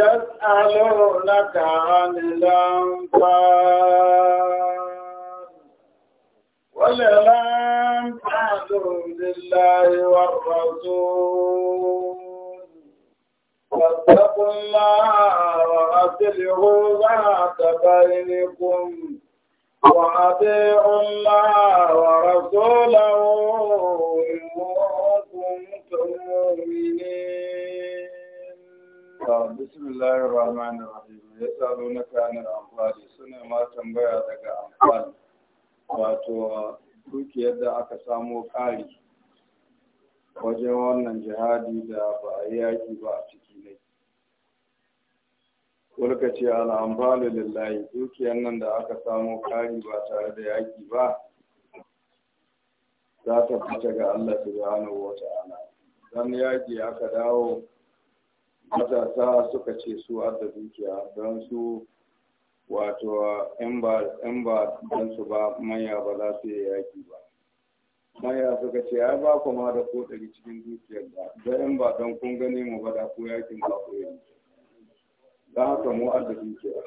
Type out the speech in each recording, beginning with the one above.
يسألونك عن الأنفال وللأنفال لله والرسول فاتقوا الله وأصلحوا ذات بينكم وأطيعوا الله ورسوله إن كنتم مؤمنين بسم الله الرحمن الرحيم يسألونك عن الأنفال سنة ما تنبيا لك أنفال wato dukiyar da aka samo ƙari wajen wannan jihadi da ba a yaƙi ba a ciki ne kulka ce al'amfalu lillahi dukiyar nan da aka samo ƙari ba tare da yaƙi ba za ta fita ga Allah subhanahu wa ta'ala dan yaki aka dawo matasa suka ce su arda dukiya don su wato in ba don su ba manya ba za su yi yaki ba manya suka ce ai ba kuma da ko ɗari cikin dukiyar da don in ba don kun gani mu ba da ko yakin ba ko Za a haka mu adda dukiya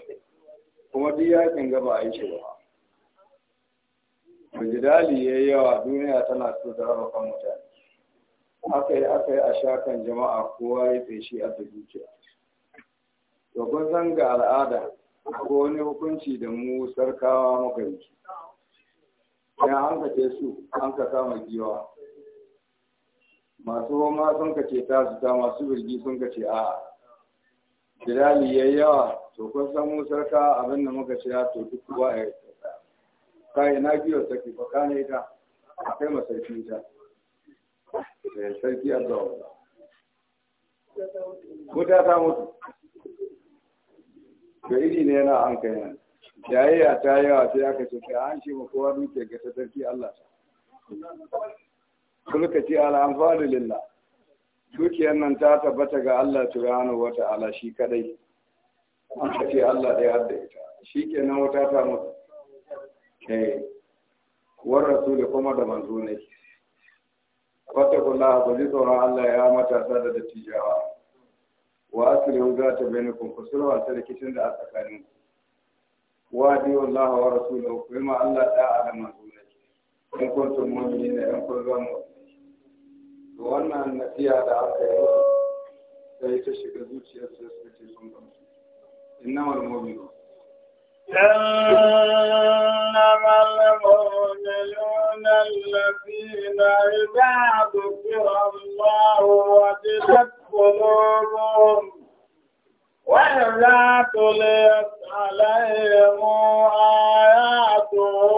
kuma duk yakin gaba a yi shi ba majidali ya yi yawa duniya tana so da raba kan mutane aka yi aka yi a shakan jama'a kowa ya feshi a ta dukiya to kun san ga al'ada ko wani hukunci da mu sarkawa muka yi ya an kace su an ka kama giwa masu homa sun kace ta su ta masu birgi sun kace a jirali ya yi yawa to kun san mu sarka abin da muka ce to duk kuwa ya yi na giwa take fa kana ita akai masarki ta Eh, sarki abdawa ko ta ta mutu to iri ne yana an kai nan jayayya ta yawa sai aka ce ka an shi mu kowa duke ga ta sarki Allah kulka ce ala anfalu lillah dukiyar nan ta tabbata ga Allah gano wata ala shi kadai an ka ce Allah ɗaya hadda ita shi kenan wata ta mutu eh war rasul kuma da manzo ne wata kula ku ji tsoron Allah ya matasa da dattijawa wa asirin za ta bai nufin ku sulwa ta rikicin da a tsakanin ku wa di wallahi wa rasulahu ku yi ma Allah da'a da manzo in kuntum mu'minina in kun zama to wannan nasiha da aka yi sai ta shiga zuciyar sai suka ce sun gamsu innamal mu'minu إنما المؤمنون الذين إذا ذكر الله وجدت قلوبهم وإذا تليت عليهم آياته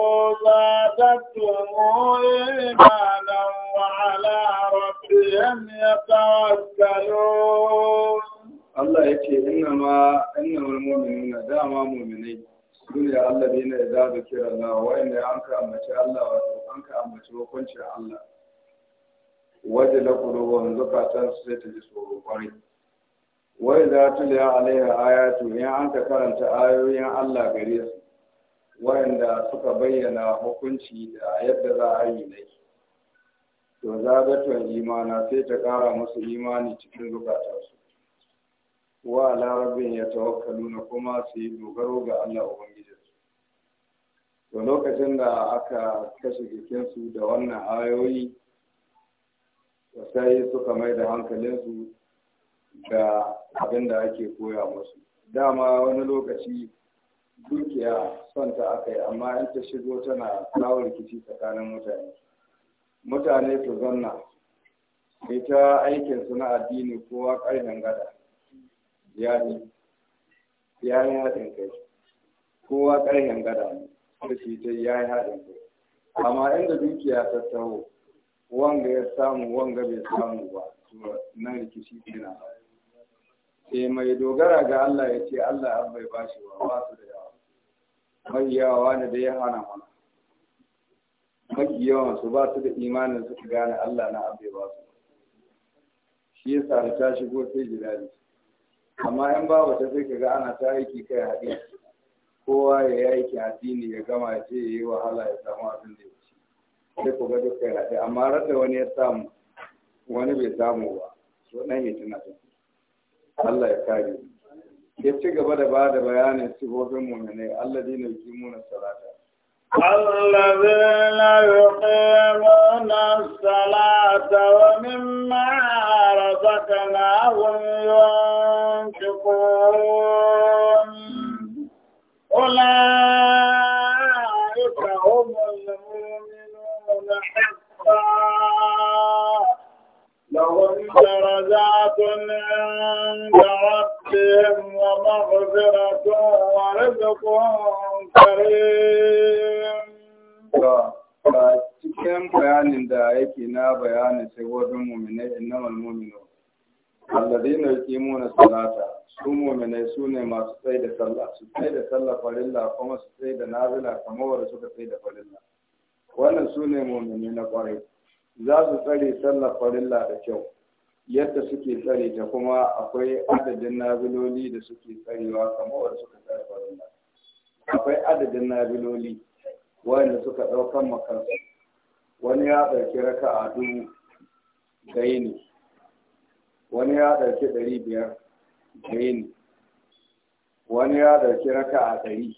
زادتهم إيمانا وعلى ربهم يتوكلون الله يكفي إنما إنما المؤمنون دائما مؤمنين ya Allah ne na yadda da kira Allah ne an ka ambaci Allah wato an ka ambaci hukuncin Allah wajen la qulubun su sai ta ji tsoro kwarai a idza tuliya alaiha ayatu ya an ka karanta ayoyin Allah gare su wa'anda suka bayyana hukunci da yadda za a yi ne to zagatun imana sai ta kara musu imani cikin zukatansu wa larabin ya tawakkalu na kuma su yi dogaro ga Allah Ubangijinsu. To lokacin da aka kashe jikinsu da wannan ayoyi, sai suka mai da su ga abin da ake koya musu. Dama wani lokaci dukiya son ta aka yi amma in ta shigo tana kawo rikici tsakanin mutane. Mutane su zanna, ita aikinsu na addini kowa ƙarfin gada. ya ne yi haɗin kai kowa ƙarfin gada ne sarki dai ya yi haɗin kai amma inda dukiya ta taho wanga ya samu wanga bai samu ba nan rikici kenan sai eh, mai dogara ga Allah ya ce Allah an bai bashi ba ba su da yawa mai yawa ne da ya hana mana mafi yawan su ba su da imanin suka gane Allah na an bai ba su shi yasa da ta shigo sai jirabi amma yan ba wata sai kaga ana ta aiki kai haɗi kowa ya yi aiki dini ya gama ya ce yi wahala ya samu abin da ya ci sai ku ga duk kai haɗi amma rasa wani ya samu wani bai samu ba so nan ya tuna ta Allah ya kare ya ci gaba da ba da bayanin sifofin mu'minai alladina muna salata الذين يقيمون الصلاة ومما رزقناهم ينفقون أولئك هم المؤمنون حقا لهم درجات عند ربهم ومغفرة ورزق كريم ga cikin bayanin da yake na bayani sai wajen muminai innamal muminu alladina yuqimuna salata su muminai su ne masu tsaye da sallah su tsaye da sallah farilla kuma su tsaye da nazila kamar suka tsaye da farilla wannan su ne muminai na kwarai za su tsare sallah farilla da kyau yadda suke tsare ta kuma akwai adadin nabiloli da suke tsarewa kamar wanda suka tsare farilla akwai adadin nabiloli wanda suka ɗaukan makansu wani ya ɗauki raka a dubu da yini wani ya ɗauki ɗari biyar da yini wani ya ɗauki raka a ɗari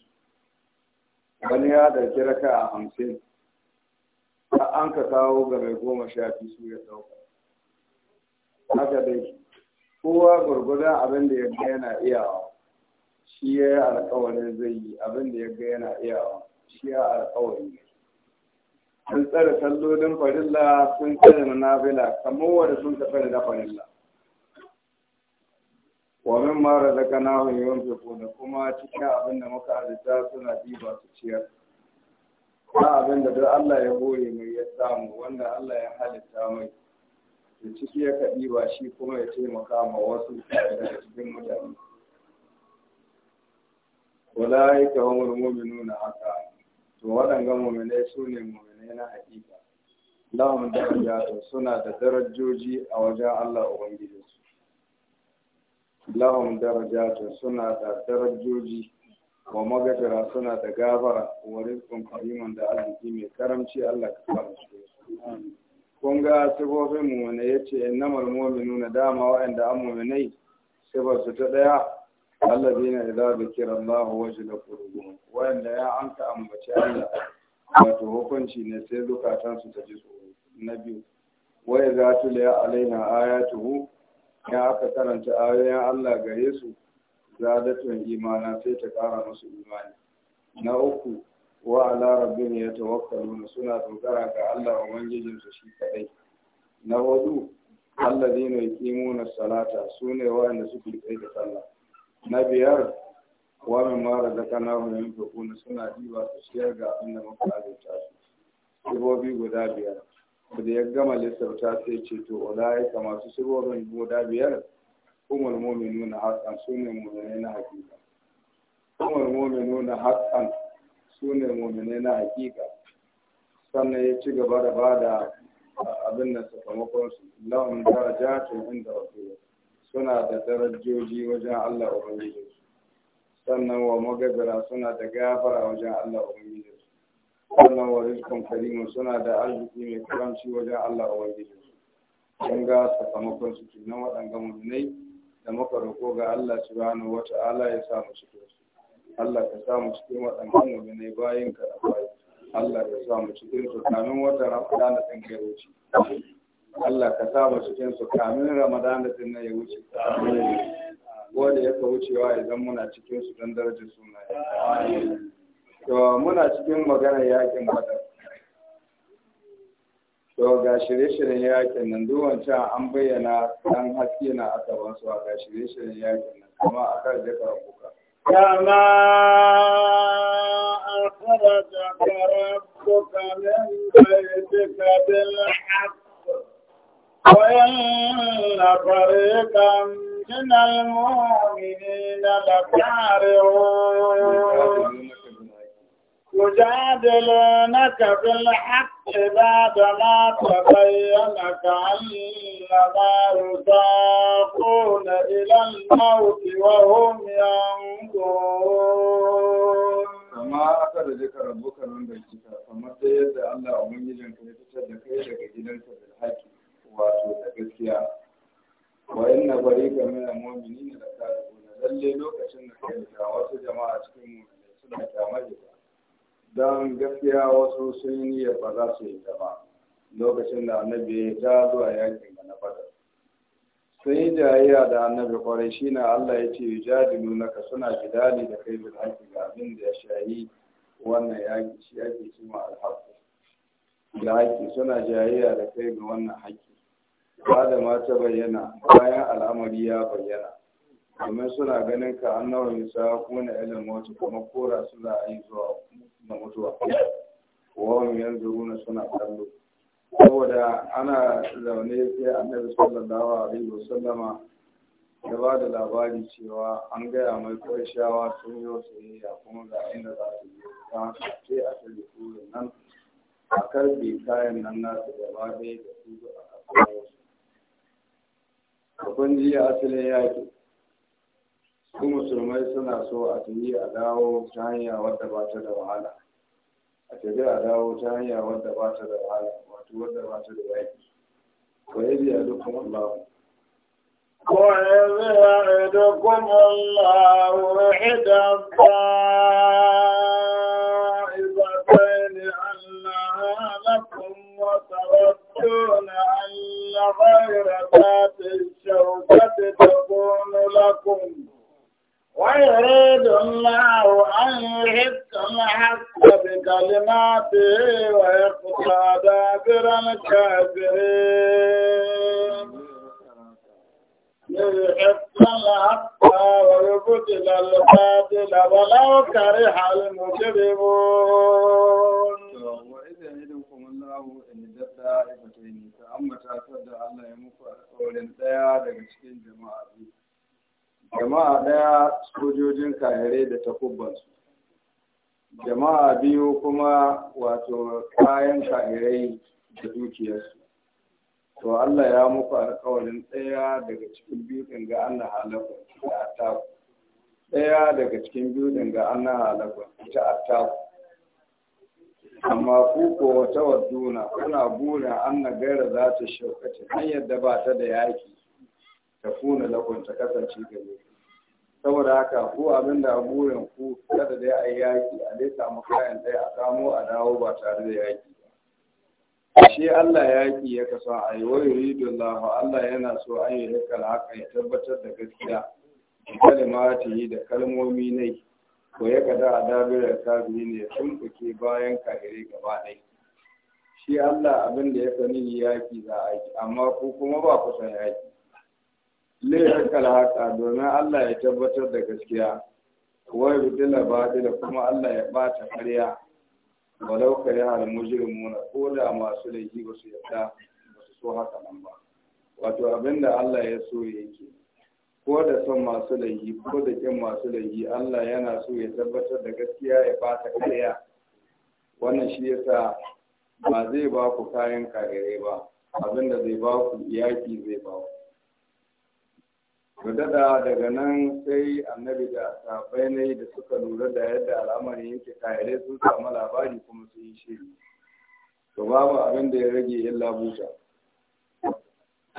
wani ya ɗauki raka a hamsin an ka kawo ga mai goma sha biyu su ya ɗauka haka dai kowa gwargwadon abin da ya ga yana iyawa shi ya yi alkawarin zai yi abin da ya ga yana iyawa shi alkawari alƙawari sun tsare sallolin farilla sun tsare na kamar wanda sun tsare da farilla wa min ma razaqnahum da kuma cikin abin da muka arzita suna diba su ciyar ba abin da duk Allah ya goye mai ya samu wanda Allah ya halitta mai da ciki ya kaɗi ba shi kuma ya taimaka ma wasu daga cikin mutane. Wala ya kawo murmumi nuna haka, to waɗanga mummunai su ne mu'minai na haƙiƙa lahum darajatu suna da darajoji a wajen Allah Ubangiji. lahum darajatu suna da darajoji wa magajara suna da gabara wa rizqun kariman da arziki mai karamci Allah ka fara shi kun ga sifofin mu ne yace innamal mu'minuna dama wa'anda an sai sifar su ta daya allazina idza dhukira Allahu wajilat qulubuhum wanda ya anka ambaci Allah wato hukunci ne sai zukatan ta ji tsoro na biyu wa idza tuliya alaina ayatuhu ya aka karanta ayoyin Allah gare su zadatun imana sai ta kara musu imani na uku wa ya rabbihim yatawakkaluna suna dogara ga Allah ubangijin su shi kadai na hudu allazina yuqimuna salata sune wa'anda suke tsaye da sallah na biyar wa min mara da kana yin fukuna suna diba su shiyar ga abin da muka azurta su sibobi guda biyar da ya gama lissafta sai ce to ulai kama su sibobin guda biyar Kuma mominu na hakan su ne mummune na hakika umar mominu na hakan su ne na hakika sannan ya ci gaba da ba da abin da sakamakonsu lahun darajatun inda wasu yau suna da darajoji wajen Allah Ubangiji sannan wa magabira suna da gafara wajen Allah Ubangiji sannan wa rizkon karimu suna da arziki mai karamci wajen Allah Ubangiji kun ga sakamakon su na waɗanda munai da muka roƙo ga Allah subhanahu wata ala ya mu cikin su Allah ka samu cikin waɗanda munai bayin ka da bayi Allah ka samu cikin su kamin wata rafa da ɗan kai wuce Allah ka sa cikin su kamin Ramadan da din ya wuce wanda ya wucewa idan muna cikin su don darajar suna. to muna cikin maganar yakin badar to ga shirye-shiryen yakin nan duk wancan an bayyana dan haske na aka ba su ga shirye-shiryen yakin nan kuma akan da ka kuka كما أخرجك ربك من بيتك وإن فريقا من المؤمنين لكارهون يجادلونك بالحق بعد ما تبين كأنما يساقون إلى الموت وهم ينظرون كما ذكر ربك من بيتك فما تيد ألا أمني لنك يتشد كيدك في بالحق wato da gaskiya wa inna bariqa min al-mu'minina la ta'lamun lalle lokacin da kai da wasu jama'a cikin mu'minai suna kyamar da dan gaskiya wasu sun yi niyyar ba za su yi ta ba lokacin da annabi ya ta zuwa yakin da na fada sun yi jayayya da annabi kwarai shi na Allah ya ce yujadilu naka suna jidali da kai bil haqqi ga abin da ya shayi wannan yaƙi shi ake cewa al-haqqi suna jayayya da kai ga wannan haƙƙi ba ma ta bayyana bayan al'amari ya bayyana domin suna ganin ka an nawa yusa kuma na ilin wata kuma kora su a yi zuwa na mutuwa wawan yanzu runa suna kallo saboda ana zaune sai annabi sallallahu alaihi wasallama ya ba da labari cewa an gaya mai kwaishawa sun yi wasu ya kuma ga inda za su yi ta ce a tare turin nan a karbe kayan nan nasu gaba ɗaya da su a kasuwa kun ji asalin yaƙi su musulmai suna so a tafi a dawo ta hanya wadda ba ta da wahala a tafi a dawo ta hanya wadda ba ta da wahala wato wadda ba ta da yaƙi ko yi biya dukkan Allah ko yi biya dukkan Allah wahida ba ibatain Allah lakum wa tawakkuna غير ذات الشوكة تكون لكم ويريد الله أن يحق الحق بكلماته ويقطع دابر الكافرين يحق الحق ويبدل الباطل ولو كره المجرمون وإذا يدعوكم الله إن دفع ambata da Allah ya muku alƙawarin ɗaya daga cikin jama'a biyu jama'a ɗaya sojojin kahirai da takubbansu jama'a biyu kuma wato kayan kahirai da dukiyarsu to Allah ya muku alƙawarin ɗaya daga cikin biyu ɗin ga Allah halakwa ita a ɗaya daga cikin biyu ɗin ga Allah halakwa ita a amma ku ko wata wadduna kuna burin an na gaira za ta shaukace hanyar da ba ta da yaki ta kuna lakon ta kasance gare saboda haka ku abin da burin ku kada dai ayi yaki a dai samu kayan ɗaya a samo a dawo ba tare da yaki ba shi Allah yaki ya kasa, a yi wa Allah yana so an yi hikal haka ya tabbatar da gaskiya kalimatihi da kalmomi nai ko ya kada a dabirar kafiri ne ya fuke bayan kahirai gaba ɗaya shi Allah abin da ya sani yaki za a yi amma ku kuma ba ku san yaki laifin kalhaka domin Allah ya tabbatar da gaskiya bidila yudila da kuma Allah ya bata karya walau ka yi halin na ko da masu laifi ba su yarda ba su so haka nan ba wato abin da Allah ya so yake ko da son masu laifi ko da kin masu laifi Allah yana so ya tabbatar da gaskiya ya fata karya wannan shi yasa ba zai ba ku kayan kagirai ba da zai ba ku iyaki zai ba ku dada daga nan sai annabi da sabai ne da suka lura da yadda al'amari yake kayarai sun samu labari kuma sun yi shiri to babu abin da ya rage illa buta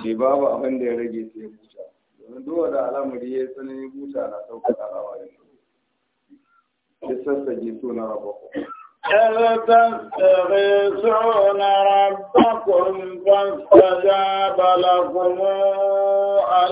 ne babu abin da ya rage sai buta duwa da al'amari ya tsanani buta na sauƙaƙa al'amari ya sassage so na rabako إذ تستغيثون ربكم فاستجاب لكم أن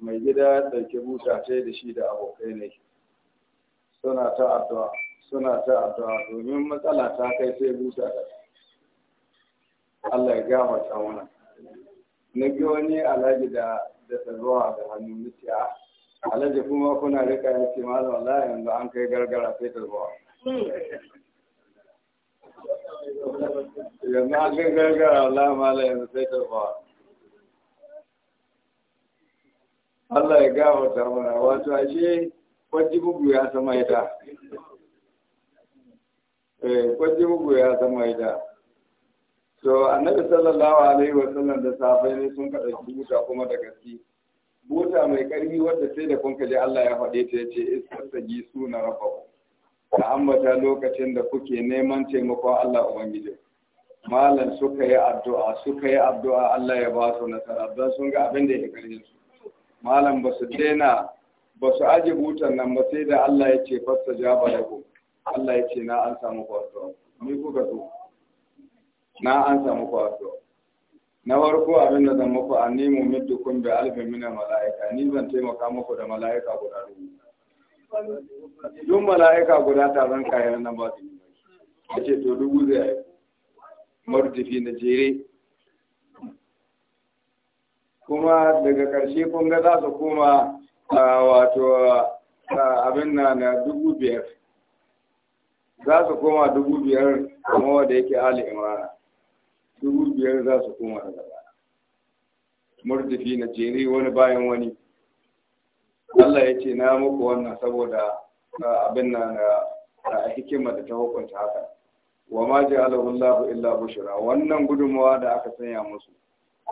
mai gida ɗauki buta ta da shi da abokai ne suna ta addu'a suna ta addu'a domin matsala ta kai sai buta ta Allah ya gama ta mana na ga wani alhaji da da tsarruwa da hannu mutiya ah, alhaji kuma kuna rika ya ce malam Allah yanzu an kai gargara sai tsarruwa yanzu an kai gargara Allah malam yanzu sai tsarruwa Allah ya gafata mana wato ashe kwaji bugu ya sama ita eh kwaji bugu ya sama ita so annabi sallallahu alaihi wa sallam da safai ne sun kada buta kuma da gaske buta mai karfi wanda sai da kun kaje Allah ya faɗe ta yace istastaji suna rabbakum ka ambata lokacin da kuke neman taimakon Allah ubangiji malam suka yi addu'a suka yi addu'a Allah ya ba su nasara don sun ga abin da ya karfin su malam ba su daina ba su aje hutun nan ba sai da Allah ya ce fasta jaba da ku Allah ya ce na an samu kwaso ni kuka so na an samu kwaso na farko abin da zan muku an nemo middu kun bi alfin mina mala'ika ni zan taimaka muku da mala'ika guda dubu duk mala'ika guda zan kayan nan ba su yi ce to dubu zai yi martifi na jere kuma daga ƙarshe kun ga za su koma wato abin na na dubu biyar za su koma dubu biyar kuma wanda yake ali imara dubu biyar za su koma daga baya murtafi na jere wani bayan wani Allah ya ce na muku wannan saboda abin na na hikima da ta hukunta haka wa ma ja'alahu Allahu illa bushra wannan gudunmawa da aka sanya musu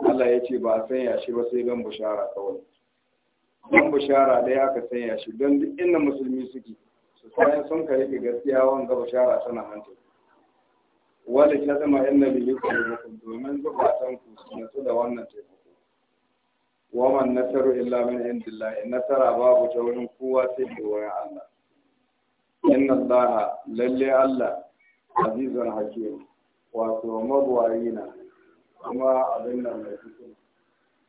Allah ya ce ba a sanya shi ba sai don bushara kawai don bushara dai aka sanya shi don duk inda musulmi suke su sayan sun ka rike gaskiya wanga bushara tana hanta wanda ta zama yan nabi ya domin zukatan ku su nasu da wannan taimako waman nasaru illa min indillah nasara babu ta wurin kowa sai da wurin Allah inna Allah lalle Allah azizun hakim wato na. kuma abin nan mai hikima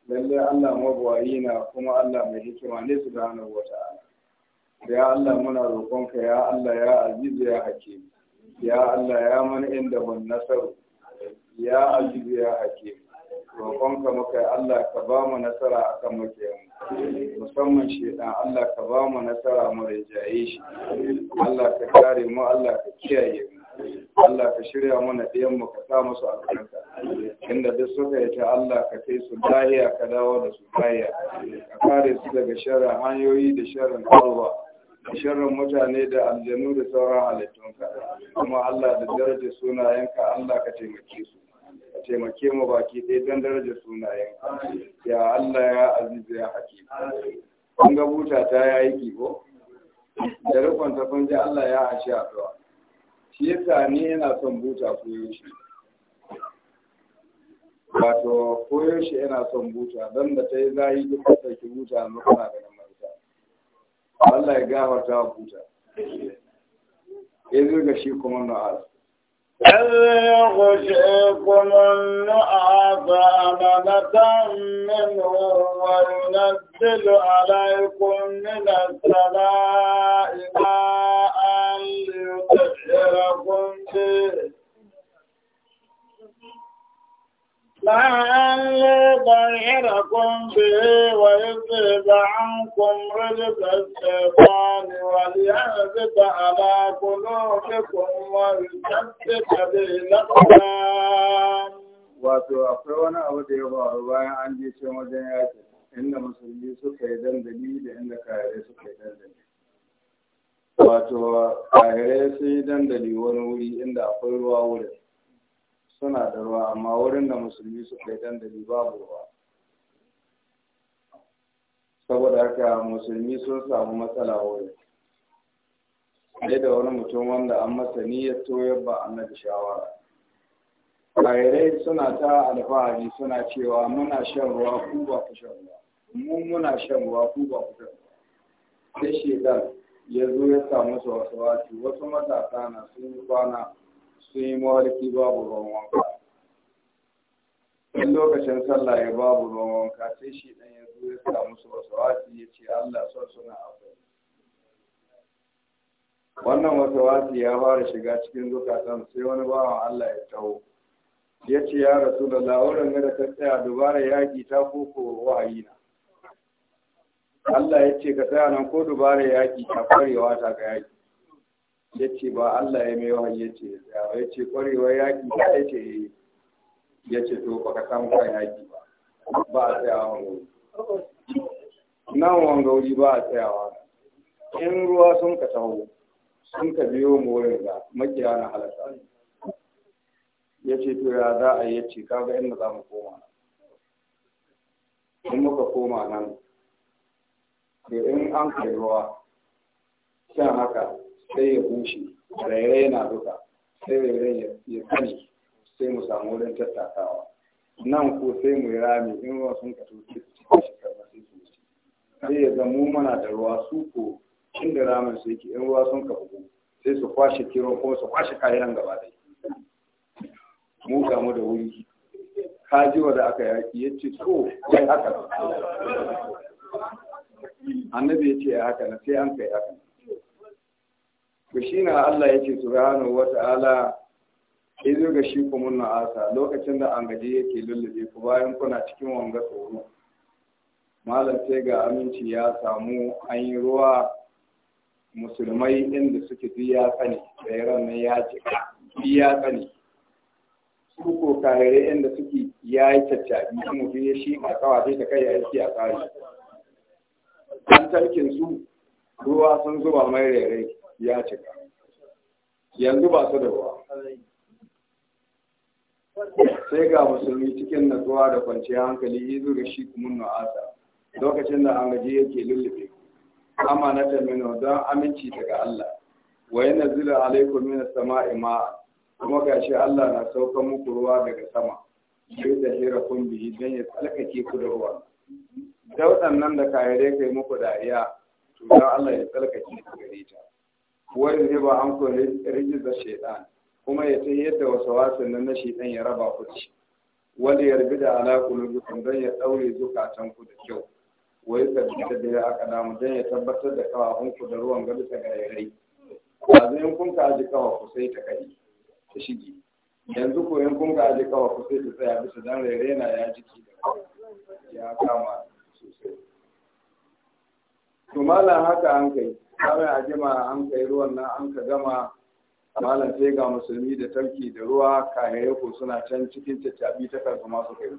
lalle Allah mabuwayi na kuma Allah mai hikima ne su gane wata ala ya Allah muna roƙonka ya Allah ya azizu ya hakim ya Allah ya mana inda mun nasaru ya azizu ya hakim roƙonka muka Allah ka ba mu nasara akan makiyan musamman shedan Allah ka ba mu nasara mu rijaye shi Allah ka kare mu Allah ka kiyaye mu Allah ka shirya mana ɗiyan mu ka sa musu albarka inda duk suka yi ta Allah ka kai su lahiya ka dawo da su lahiya ka kare su daga sharrin hanyoyi da sharrin kalwa da sharrin mutane da aljanu da sauran halittunka kuma Allah da daraja ka Allah ka taimake su taimake mu baki ɗaya don daraja sunayen ya Allah ya azizu ya hakim kun ga buta ta ya yi kibo da rikon ta kun ji Allah ya ashe addu'a shi yasa ni yana son buta koyaushe wato koyaushe yana son buta don da ta yi zahi duk da ki buta yanzu da na marta Allah ya gafarta wa buta ya zurga shi kuma na'az إذ يغشيكم النعاس أمنة لعن يطهركم به ويذهب عنكم رجل wato akwai wani abu da ya faru bayan an je can wajen yaki inda musulmi suka yi dandali da inda kayare suka yi dandali wato ƙahirai sun yi dandali wani wuri inda akwai ruwa wurin suna da ruwa amma wurin da musulmi suka yi dandali babu ruwa saboda haka musulmi sun samu matsala wurin sai da wani mutum wanda an masa niyyar toyar ba nadi shawara Ƙahirai suna ta alfahari suna cewa muna shan ruwa ku ba ku shan ruwa mun muna shan ruwa ku ba ku shan ruwa sai shedan ya zo ya samu su wasu wasu wasu matasa na sun yi kwana sun yi mawarki babu ruwan wanka in lokacin sallah ya babu ruwan wanka sai shi dan ya zo ya samu su wasu wasu ya ce Allah son suna akwai wannan wasu wasu ya fara shiga cikin zukatan sai wani bawan Allah ya taho ya ce ya rasu da la'urin da ta tsaya dubara yaƙi ta koko wa'ayi Allah ya ce ka tsaya nan ko dubara yaƙi ta ƙwarewa ta ga yaƙi ya ce ba Allah ya mai wahayi ya ce ya ba ya ce kwarewa yaƙi ta ya ce ya ce to ba ka samu kan yaƙi ba ba a tsayawa wani. nan wani wuri ba a tsayawa in ruwa sun ka taho sun ka biyo mu wurin makiya na halatta ya ce to ya za a yi ya ce kaga inda za mu koma in muka koma nan da in an ruwa shan haka sai ya bushe rairai na duka sai rairai ya sani sai mu samu wurin tattakawa nan ko sai mu rami in ruwa sun kato cikin shi karɓar sai su wuce sai ya zamo mana da ruwa su ko cin da ramin su yake in ruwa sun kafu sai su kwashe kiran kuma su kwashe kayan gaba ɗaya mu gamu da wuri kajiwa da aka yaki ya ce to aka haka annabi ya ce haka na sai an kai haka Ku shi na Allah ya ce subhanahu wa ta'ala izo ga shi kumun na'asa lokacin da an gaji yake lullube ku bayan kuna cikin wanga tsoro malam sai ga aminci ya samu an yi ruwa musulmai inda suke biya ya da yaran nan ya jika duk ya su ko kare inda suke ya yi tattabi kuma ya shi a kawai sai ta kai ya yi a tsari an tarkin su ruwa sun zuba mai rere ya cika yanzu ba su da ruwa sai ga musulmi cikin natsuwa da kwanciyar hankali ya da shi kumun na'asa lokacin da angaji yake lullube amma na tamino don aminci daga Allah wa yana zila alaikum min sama ma kuma gashi Allah na sauka muku ruwa daga sama sai da hira kun bihi don ya tsalkake ku da ruwa da waɗannan da kahire kai muku dariya to ya Allah ya tsarkake ku gare ta wani zai ba an ku rigiza shaidan kuma ya ta yadda wasu wasan nan na shaidan ya raba ku ci wani ya rubi da alaƙulu dukkan don ya ɗaure zukatan ku da kyau wai ji da ya aka damu don ya tabbatar da ku da ruwan gabi ta gairai ba zai kun ka aji kawa ku sai ta kai ta shige yanzu ko kun ka aji kawa ku sai ta tsaya bisa don na ya jiki da ya kama sosai malam haka an kai kawai a jima an kai ruwan nan an ka gama malam sai ga musulmi da tarki da ruwa kayayyar ko suna can cikin caccabi ta karfi masu kai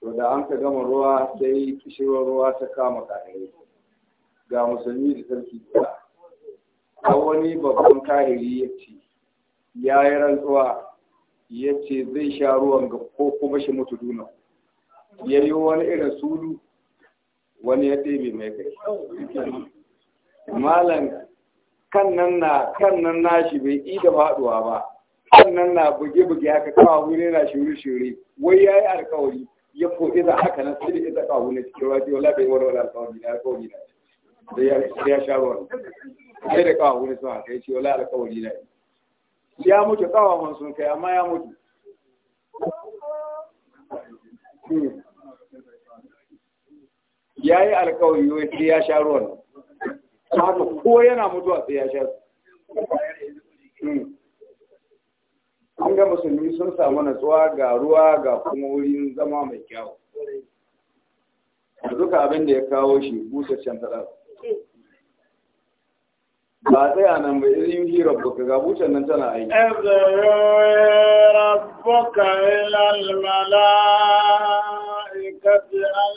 to da an ka gama ruwa sai kishirwar ruwa ta kama kayayyar ga musulmi da tarki ta, a wani babban kahiri ya ce ya yi rantsuwa ya ce zai sha ruwan ga ko kuma shi mutu duna ya yi wani irin sulu wani ya ɗebe mai kai malam kan nan na kan nan shi bai yi da faduwa ba kan nan na buge-buge haka kawo wuri na shiri-shiri wai ya yi alkawari ya ko da haka nan sai da iza kawo ne cikin wajen wala bai wani wani alkawari na alkawari na da ya sha ruwan sai da kawo wuri sun haka ya ce wala alkawari na ya mutu kawo sun kai amma ya mutu hmm. ya yi alkawari wai sai ya sha ruwan haka ko yana mutuwa sai ya sha su hmm. an ga musulmi sun samu natsuwa ga ruwa ga kuma wurin zama mai kyau duka abin da ya kawo shi can taɗa ba a tsaya nan ba irin yi rabbuka ga bucen nan tana aiki rabbuka ilal mala'ikati an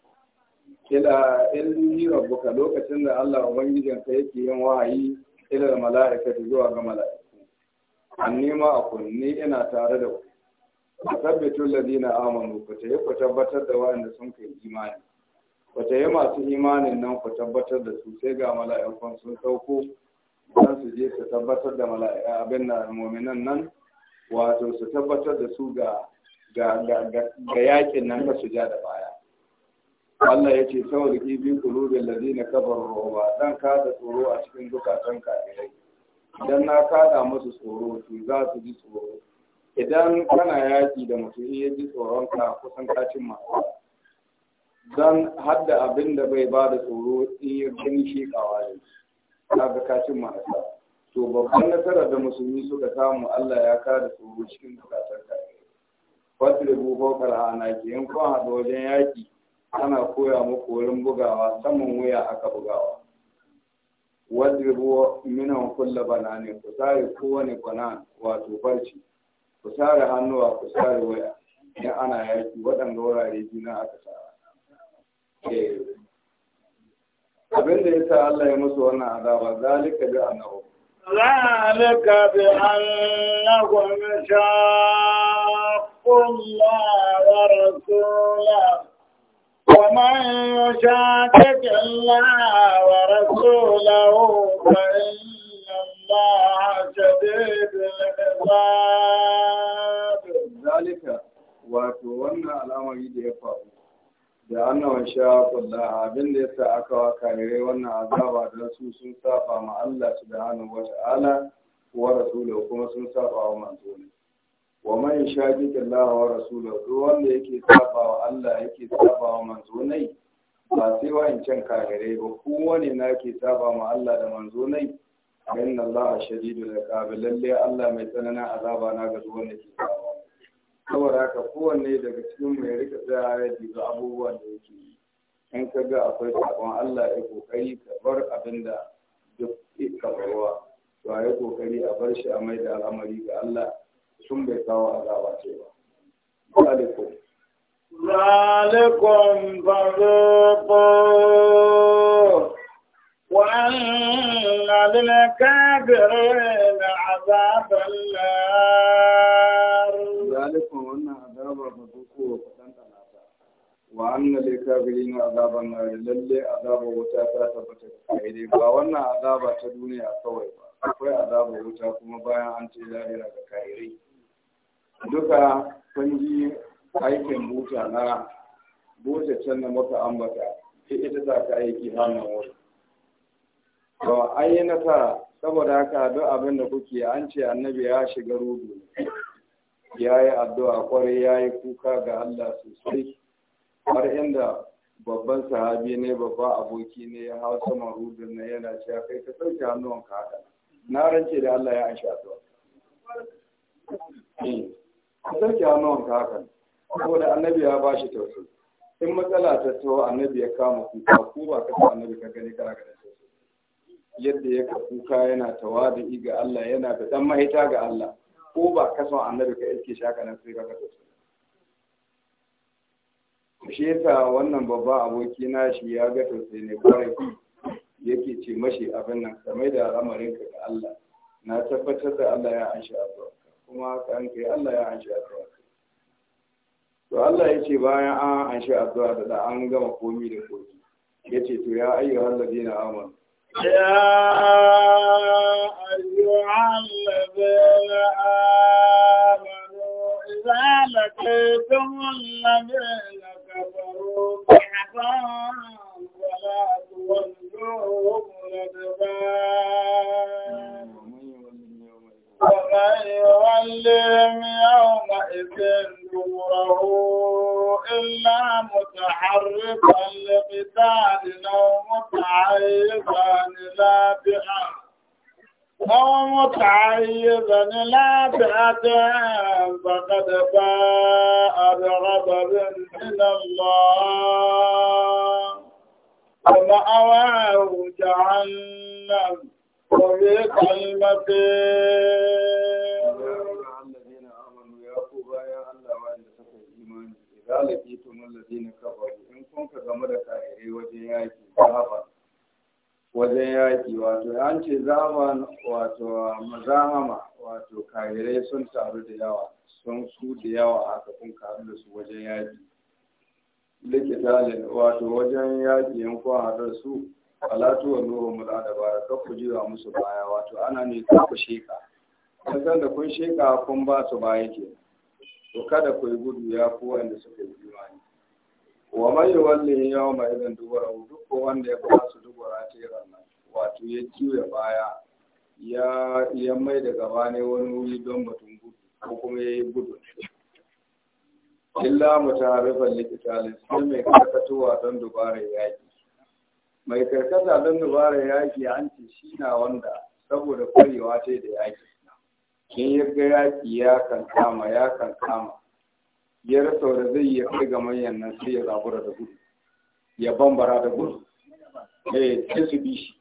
ila ilmihi rabbuka lokacin da Allah ubangijinka yake yin wahayi ila mala'ikati zuwa ga mala'iku nema a ni ina tare da ku tabbitul ladina amanu ku yi ku tabbatar da waɗanda sun kai imani ku yi masu imanin nan ku tabbatar da su sai ga mala'ikun sun sauko don su je su tabbatar da mala'ika abin na mu'minan nan wato su tabbatar da su ga ga ga yakin nan ka su ja da baya Allah ya ce saboda kifin kulubin na kafar roba dan kada tsoro a cikin zukatan kafirai idan na kada musu tsoro to za su ji tsoro idan kana yaki da mutum ya ji tsoron ka kusan kacin masu dan hadda abin da bai ba da tsoro in ya shi shekawa ne ga kacin masu to babban nasarar da musulmi suka samu Allah ya kada tsoro cikin zukatan kafirai fatribu fawqa al ke yin kun haɗa wajen yaki ana koya muku wurin bugawa saman wuya aka bugawa wadribu minan kulla ne ku sare kowane banan wato barci ku sare hannuwa ku sare waya idan ana yaki waɗanda wurare jina aka sara eh. abin da ya sa Allah ya musu wannan azaba zalika bi annahu zalika bi annahum shaqqu Allah wa rasulahu ومن يشاكك الله ورسوله فإن الله شديد العقاب ذلك وتوانا الأمر يفعل da annawan shafulla abin da yasa aka wa kare wannan azaba da su sun saba ma Allah subhanahu wa ta'ala wa rasuluhu kuma sun saba wa manzo ne wa man yashaqiq Allah wa rasulahu wanda yake saba wa Allah yake saba wa manzo nai ba sai wa in can kagare ba ko wani na ke saba ma Allah da manzonai? nai inna Allah shadidul iqab lalle Allah mai tsananin azaba na ga duk wanda ke saba saboda haka kowanne daga cikin mai rika tsaya ya abubuwan da yake yi in ka ga akwai sabon Allah ya kokari ka bar abin da duk ka barwa to a yi kokari a bar shi a mai da al'amari ga Allah tun bai kawo azaba ce ba zalikum zalikum fazuqu wa anna lil na azabar nar zalikum wannan na fazuqu wa fadan talata wa anna lil kafirin azaban nar lalle azabar wuta ta tabbata kai ba wannan azaba ta duniya kawai ba akwai azabar wuta kuma bayan an ce lahira da kafirai duka kun ji aikin buta na buta can na mata ambata ita za ka aiki hannun wuri to an yi nasara saboda haka duk abin da kuke an ce annabi ya shiga rudu ya yi addu'a kwarai ya yi kuka ga Allah sosai har inda babban sahabi ne babban aboki ne ya hau sama rudun na yana cewa kai ka sauke hannuwanka haka na rance da Allah ya an sha addu'a eh. ka sauke ka hakan saboda annabi ya bashi tausayi in matsala ta taho annabi ya kama kuka ko ba ka annabi ka gani kana ganin tausayi yadda ya ka kuka yana tawadi ga Allah yana da dan mahita ga Allah ko ba ka annabi ka yake shi nan sai ka tausayi shi yasa wannan babban aboki na shi ya ga tausayi ne kwarai yake ce mashi abin nan kamar da al'amarin ka ga Allah na tabbatar da Allah ya anshi addu'a kuma ka an kai Allah ya anshi addu'a to Allah ya ce bayan an anshi addu'a da an gama komi da komi ya ce to ya ayyu ladina amanu ya ayyuhal ladina kai tun laqaytum alladina Yeah. jarirai sun taru da yawa sun su da yawa a kun karu da su wajen yaji. likita wato wajen yan yankun haɗar su alatu wa nuru mura da bara ka ku wa musu baya wato ana ne kan ku sheka kan da kun sheka kun ba su baya ke to kada ku yi gudu ya ku wanda suka yi imani wa mai wallahi yawma idan dubara duk ko wanda ya ba su dubara ta ranar wato ya ya baya ya ya mai da gaba ne wani wuri don mutum gudu ko kuma ya yi gudu illa harifar likitalin sai mai karkatuwa don dubarar yaƙi mai karkata don dubarar yaƙi an ce shi na wanda saboda kwarewa ce da yaƙi Kin yi ga yaƙi ya kan kama ya kan kama ya rasa da zai yi kai ga manyan nan sai ya zabura da gudu ya bambara da gudu eh sai su bi shi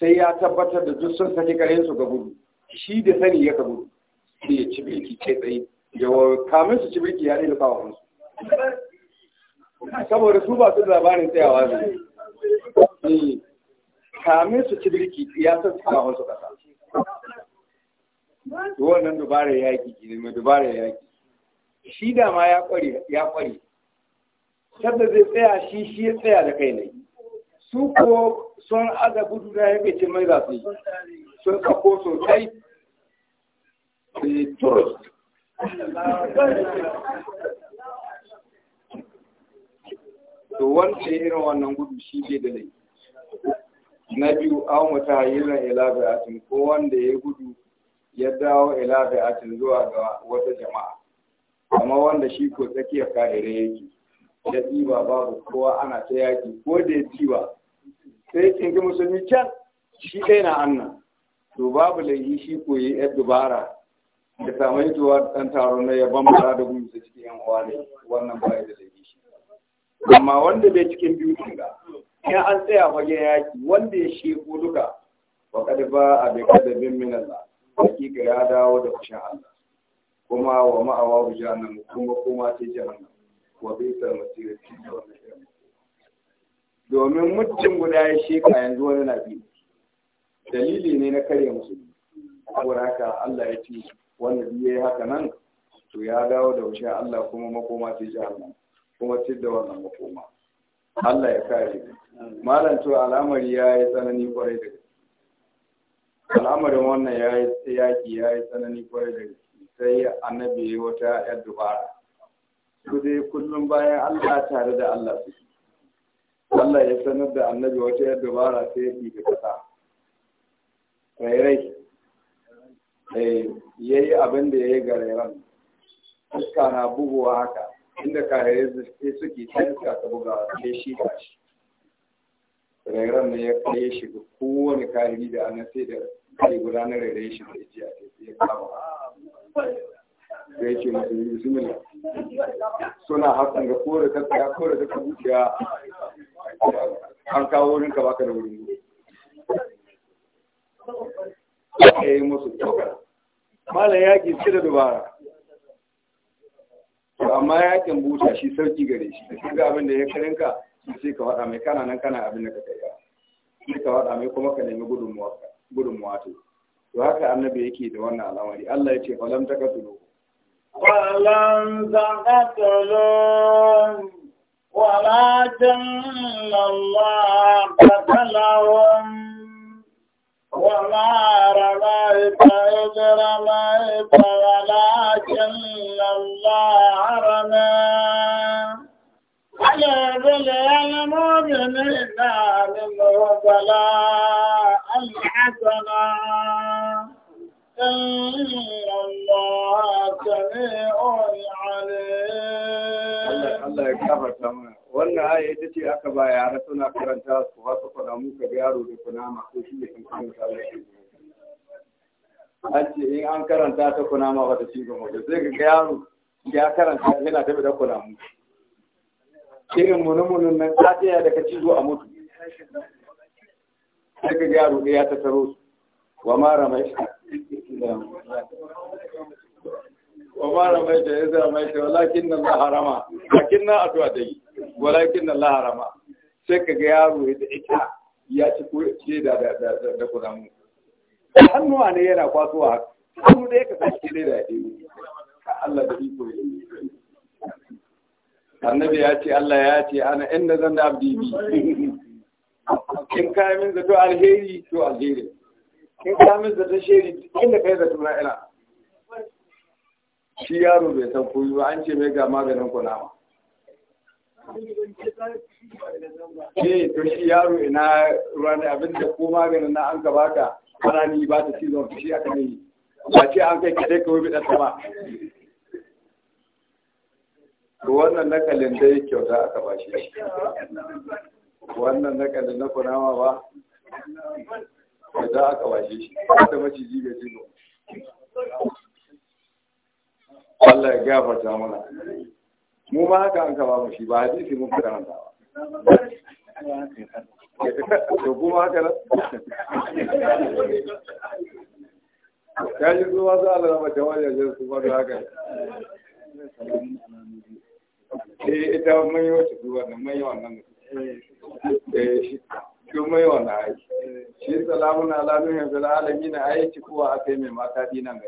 sai ya tabbatar da duk sun saki karen su ga gudu shi da sani ya ka gudu sai ya ci birki kai tsaye yawon kamun su ci birki ya ɗaya ba wa saboda su ba su da labarin tsayawa ne eh, kamin su ci birki ya san su kawo su kasa wannan dubarar yaƙi ne mai dubarar yaƙi shi da ma ya ƙware ya sadda zai tsaya shi shi ya tsaya da kai ne su ko sun aza gudu da yake ce mai zafi sun kafo sosai da eh, turus to wanda irin wannan gudu shi ke da laifi na biyu an wata a ilabi'atin ko wanda ya gudu ya dawo ilabi'atin zuwa ga wata jama'a amma wanda shi ko tsakiyar kahire yake ya ɗiba babu kowa ana ta yaki ko da ya ɗiba sai kinga musulmi can shi ɗaya na annan to babu laihi shi koyi yar dubara da yi tuwa ɗan taro na yaban bambara da gumi da cikin yan uwa ne wannan bayan da laihi shi amma wanda bai cikin biyu ga, in an tsaya fage yaki wanda ya sheko duka ba kada ba a bai kada bin min Allah hakika ya dawo da kushin Allah kuma wa ma'awa jahannam kuma kuma sai jahannam wa bi ta masirati da wannan domin mutum guda ya sheka yanzu wani na biyu dalili ne na karya musulmi saboda haka Allah ya ce wanda biyu ya yi haka nan to ya dawo da wuce Allah kuma makoma ce jahannam kuma ce da wannan makoma Allah ya kare malam to al'amari ya yi tsanani kwarai da gaske al'amarin wannan ya yi yaki ya yi tsanani kwarai da gaske sai annabi wata yar dubara su dai kullum bayan Allah tare da Allah suke Allah ya sanar da annabi wata yadda bara ta yi da kasa rairai eh, ya yi abin da ya yi ga rairan iska na bugowa haka inda kayayyar zuke suke ta iska ta buga sai shi ta shi rairan ne ya kai shi ga kowane kayayyar da ana sai da kai gudanar rairai shi da ijiya ta ya kama Zai ce masu yi bismillah suna hakan ga kore ta kore ta kabuciya an kawo wurin ka baka da wurin ka yi musu mala yaƙi su da dubara amma yaƙin buta shi sauƙi gare shi da shiga abin da ya karinka sai ka faɗa mai kana nan kana abin da ka kai sai ka faɗa mai kuma ka nemi gudunmuwa to to haka annabi yake da wannan al'amari Allah ya ce falam takatulu falam takatulu ولكن الله قتلهم وما رميت إذ رميت ولكن الله رمى على بالعلم المؤمنين منه بلاء حسنا إن الله سميع عليم Allah ya kafarta mana wannan aya ita ce aka ba yara suna karanta su su fara muka ga yaro da kunama ko shi ne kan kan an ce in an karanta ta kunama ba ta ci gaba da sai ga yaro ya karanta yana tafi da kunamu irin munumunin nan ta tsaya daga cizo a mutu sai ga yaro ya ta taro su wa mara mai wa ma ramaita ya zama ta walakin nan la harama lakin nan addu'a dai. yi walakin nan la harama sai ka ga yaro da ita ya ci ko ce da da da da kudamu hannuwa ne yana kwasuwa hannu da ka kashi ne da yi Allah da iko annabi ya ce Allah ya ce ana inda zan da abdi bi in kayan min zato alheri to alheri in kayan min zato sheri inda kai zato na ina shi yaro bai san koyi ba an ce mai ga maganin kunama ke eh, to shi yaro ina ruwan abin da ko maganin na an gaba ka ana ni ba ta cizon shi aka ne ba ce an kai kadai kawai bidan ta ba to wannan nakalin dai kyauta aka ba shi wannan nakalin na kunama ba kyauta aka ba shi da maciji ga jigo Allah ya gafarta mana mu ma haka an kama ba hadisi mun karanta ba to kuma haka nan ya ji zuwa za a rama jawaya su ba haka eh ita mun yi wata mun yi wannan eh shi kun mai wannan aiki shi salamun ala nuhin fil alamin aiki aka akai mai mata dinan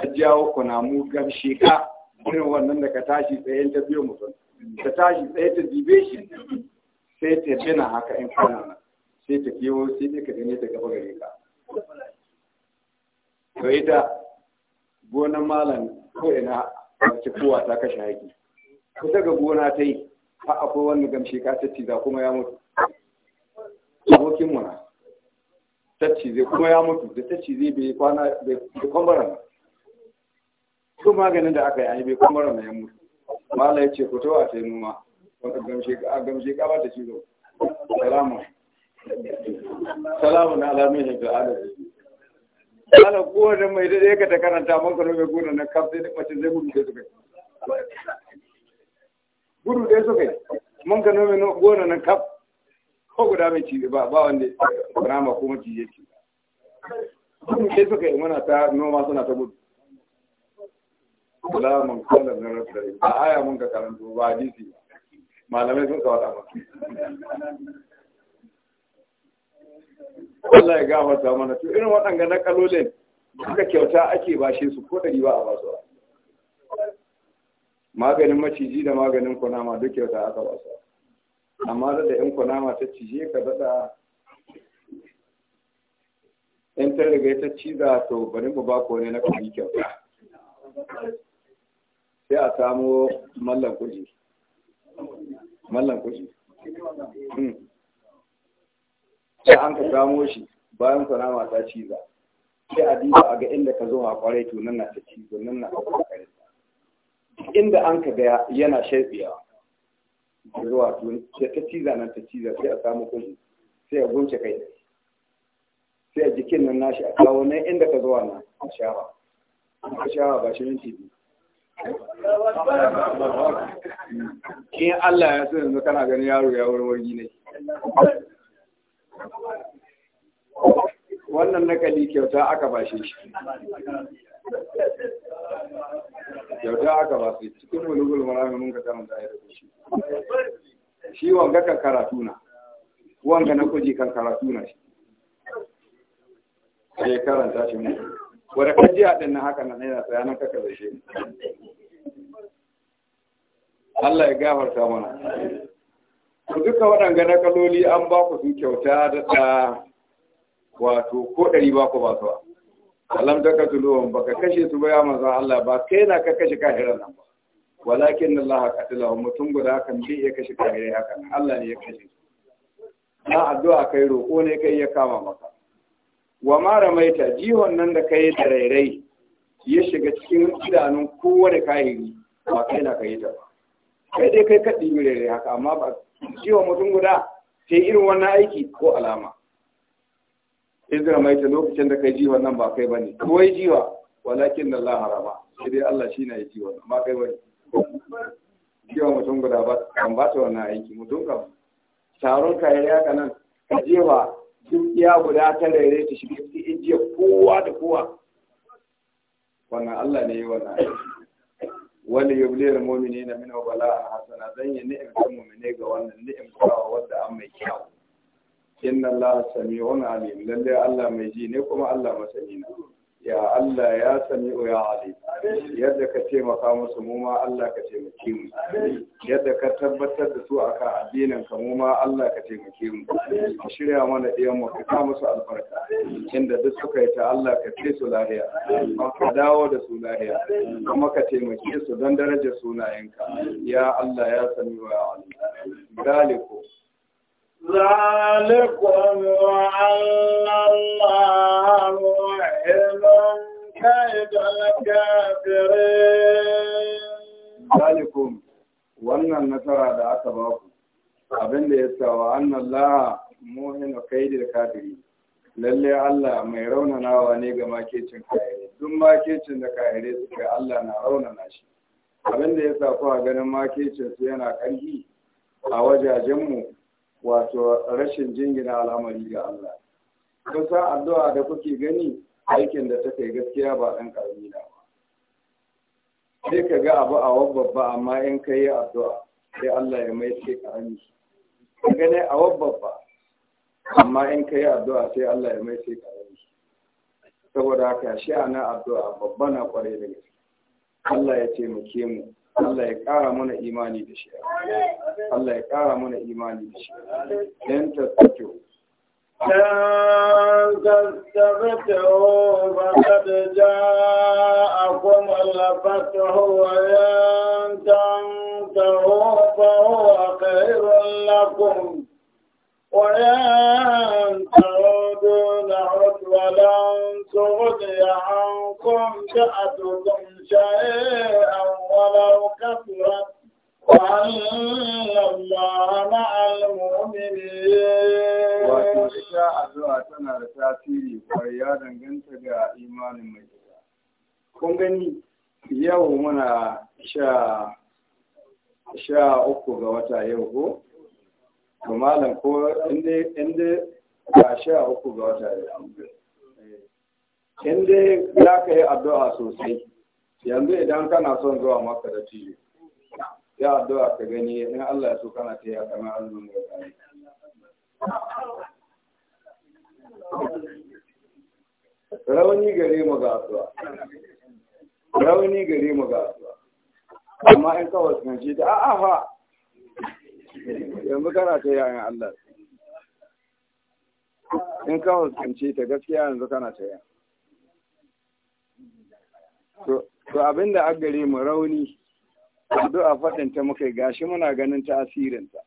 ta jawo kunamu gamshe ka irin wannan da ka tashi tsaye ta biyo mutum ta tashi tsaye ta dibe shi sai ta bina haka in kana sai ta kewo sai ne ka gane ta gaba gare ka to ita gonan malam ko ina wacce kowa ta kashe haƙi ko ga gona ta yi ha akwai wani gamshe ka ta ciza kuma ya mutu abokin muna ta zai kuma ya mutu da ta zai bai kwana bai kwambara duk maganin da aka yi an yi bai kuma rana ya mutu mala ya ce ku to a sai noma a gamshe kaba ta cizo salamun salamun na alamun ya fi adadi ala kowane mai daidai ka ta karanta maka nome gona na kaf sai mace zai gudu da suka gudu dai suka yi man ka nome gona na kaf ko guda mai ci ba ba wanda rama ko mace ya ci gudu dai suka yi mana ta noma suna ta gudu mun kala na rasari ba aya mun ka karanto ba hadisi malamai sun kawata ba Allah ya gafarta mana to irin waɗanga na kalolin duka kyauta ake bashe su ko ɗari ba a basu maganin maciji da maganin kunama duk kyauta aka basu amma da yan kunama ta cije ka daɗa yan ta riga ta ciza to bari mu ba ko ne na kudi kyauta sai a samo mallan kuji mallan kuji hmm. sai an ka samo shi bayan kunama ta ciza sai a duba a ga inda ka zo a kwarai to nan na ta cizo nan na kwarai inda an ka gaya yana shaifiyawa zuwa tun sai ta ciza nan ta ciza sai a samu kuji sai a gunce kai sai a jikin nan nashi a kawo nan inda ka zuwa nan a shawa a shawa ba shi minti biyu in Allah ya so yanzu kana ganin yaro ya warwargi ne wannan nakali kyauta aka bashe shi kyauta aka ba su cikin bulugul marami mun ka karanta ya da shi shi wanga kan karatu na wanga na kuji kan karatu na shi sai karanta shi mun wadda kan ji haɗin na haka nan yana tsaye na kaka da shi Allah ya gafarta mana to duka waɗanga na kaloli an ba ku su kyauta da ta wato ko ɗari ba ku ba su ba alam ta katuluwan baka kashe su ba ya manzan Allah ba kai na ka kashe hira nan ba walakin Allah tila wa mutum guda kan bi ya kashe kafirai haka Allah ne ya kashe su na addu'a kai roƙo ne kai ya kama maka wa ma ramaita jihon nan da kai da rairai ya shiga cikin idanun kowa da kahiri ba kai na kai ta kai dai kai kaɗi mai rairai haka amma ba jihon mutum guda sai irin wannan aiki ko alama izra mai ta lokacin da kai jihon nan ba kai bane ko yi jiwa walakin da Allah haraba, sai dai Allah shi na yi jiwa amma kai bane Jiwa mutum guda ba kan ba ta wannan aiki mutum kam taron kahiri yaka nan ka jewa tsintsiya guda ta raire ta shiga cikin injiya kowa da kowa wannan Allah ne yi wannan aiki wani yubli da mumini na min wabala a hasana zan yi ni'im ta mumini ga wannan ni'im kawa wadda an mai kyau inna Allah sami wani alim lalle Allah mai ji ne kuma Allah masani na ya Allah ya o ya ali yadda ka taimaka musu mu ma Allah ka taimake mu yadda ka tabbatar da su akan addinin ka mu ma Allah ka taimake mu ka shirya mana ɗiyan mu ka musu albarka inda duk suka yi ta Allah ka ce su lahiya ka dawo da su lahiya kuma ka taimake su don darajar sunayenka ya Allah ya o ya ali daliku ذلكم وأن الله محب كيد الكافرين ذلكم wannan nasara da aka ba ku abin الله ya sawa annan lalle Allah mai raunanawa ne ga makicin kahire duk makicin da kahire suka Allah na raunana shi Abinda ya sa a ganin makicin su yana ƙarfi a wajajenmu wato rashin jingina al'amari ga Allah kusa addu'a da kuke gani aikin da ta kai gaskiya ba ɗan ƙarami na ba sai ka ga abu a wabbabba amma in ka yi addu'a sai Allah ya mai sai ƙarami ka gane a wabbabba amma in ka yi addu'a sai Allah ya mai sai ƙarami saboda haka shi ana addu'a babba na kwarai da gaske Allah ya taimake mu Allah ya ƙara mana imani da shi Allah ya ƙara mana imani da shi dan ta tsakyo dan zazzabta wa qad ja'akum al-fathu wa yantahu fa huwa khairun lakum وإن تعودوا نعود ولن تغني عنكم شأتكم شيئا ولو كثرت وأن الله مع المؤمنين addu'a tana da tasiri kwarai ya danganta ga imanin mai kun gani yau muna sha uku ga wata yau ko to malam ko inda sha uku ga wata yau inda za ka yi addu'a sosai yanzu idan kana son zuwa maka da tv ya addu'a ka gani in Allah ya so kana ta ya kana azumin ya kare rauni gare mu ga addu'a rauni gare mu ga addu'a amma in kawai sun ce ta a'a fa yanzu kana ta yayin Allah in kawai sun ce ta gaskiya yanzu kana ta yayin to abin da an gare mu rauni a faɗinta muka gashi muna ganin tasirinta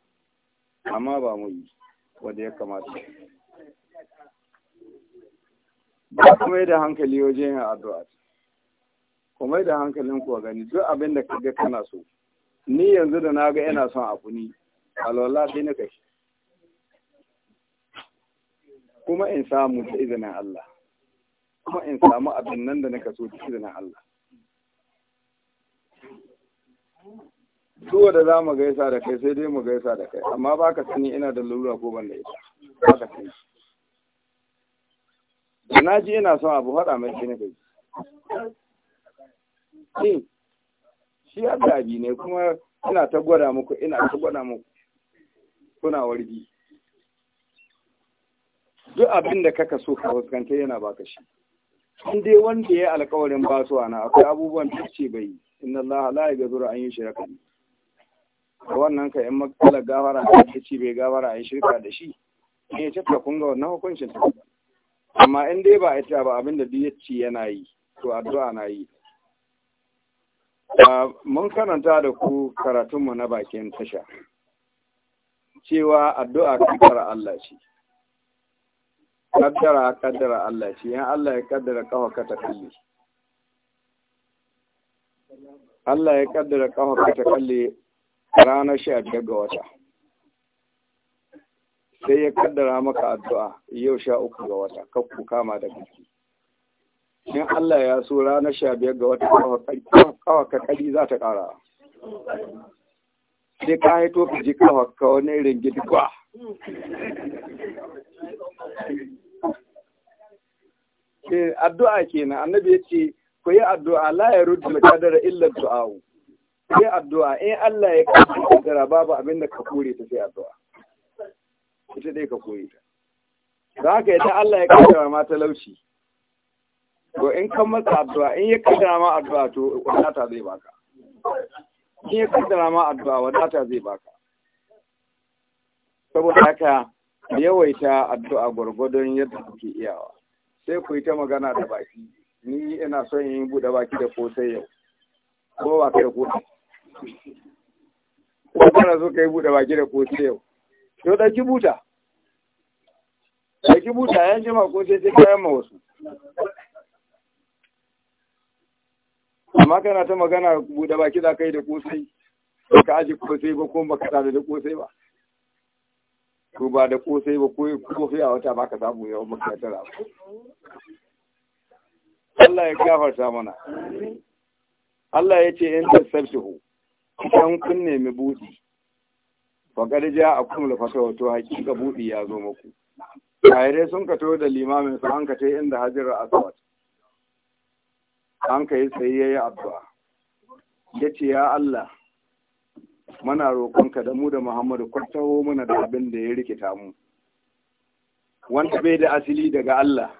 amma ba mu yi wanda ya kamata ba kuma yi da hankali waje yin addu'a Kuma yi da hankalin kuwa gani duk abin da kaga kana so ni yanzu da na ga yana son abu ni alwala sai na kashi kuma in samu ta izinin Allah kuma in samu abin nan da naka so ta izinin Allah duk da za mu gaisa da kai sai dai mu gaisa da kai amma ba ka sani ina da lura ko ban da ita ba ka sani da na ji ina son abu haɗa mai shine bai shi shi addabi ne kuma ina ta gwada muku ina ta gwada muku kuna wargi duk abin da kaka so ka fuskanta yana baka shi Inde dai wanda ya yi alkawarin basuwa na akwai abubuwan da ce bai yi inna Allah la yaghfiru an yushraka bihi wannan ka in makalar gafara da ta ci bai gafara a yi shirka da shi ne ta ta kunga wannan hukuncin ta amma in dai ba ita ba abinda da duk ci yana yi to addu'a na yi mun karanta da ku karatunmu na bakin tasha cewa addu'a kaddara Allah ce kaddara kaddara Allah ce yan Allah ya kaddara kawa ka ta kalli Allah ya kaddara ƙafarka ta kalle ranar sha biyar ga wata sai ya kaddara maka addu'a yau sha uku ga wata kakku kama da kaki in Allah ya so ranar sha biyar ga wata ƙafarka kalli za ta ƙara sai ka haito ka ji ka wani irin gidigwa eh, addu'a kenan annabi ya ce ku yi addu'a la ya da qadara illa du'a'u ku yi addu'a in Allah ya kaddara kadara babu abin da ka kore ta sai addu'a ita dai ka kore ta da haka ita Allah ya kaddara ma talauci to in kan masa addu'a in ya kaddara ma addu'a to wadata zai baka in ya kaddara ma addu'a wadata zai baka saboda haka yawaita addu'a gwargwadon yadda kuke iyawa sai ku yi ta magana da baki ni ina son yin buɗe baki da kosai yau ko ba ka da kosai ko kana so ka yi buɗe baki da kosai yau to ɗauki buta ɗauki buta yan jima ko sai sai kayan ma wasu amma kana ta magana buɗe baki za ka yi da kosai ba ka aji kosai ba ko ba ka tsada da kosai ba ko ba da kosai ba ko kofi a wata ba ka samu yawan makasara ba Allah ya gafarta mana Allah ya ce in tasabbihu idan kun nemi buɗi. faƙar ja a kuma lafasa wato hakika buɗi ya zo muku kayarai sun kato da limamin su an kace inda a zuwa. an ka yi tsayayye ya ya ce ya Allah mana roƙonka da mu da muhammadu kwatawo mana da abin da ya rikita mu wanda bai da asili daga Allah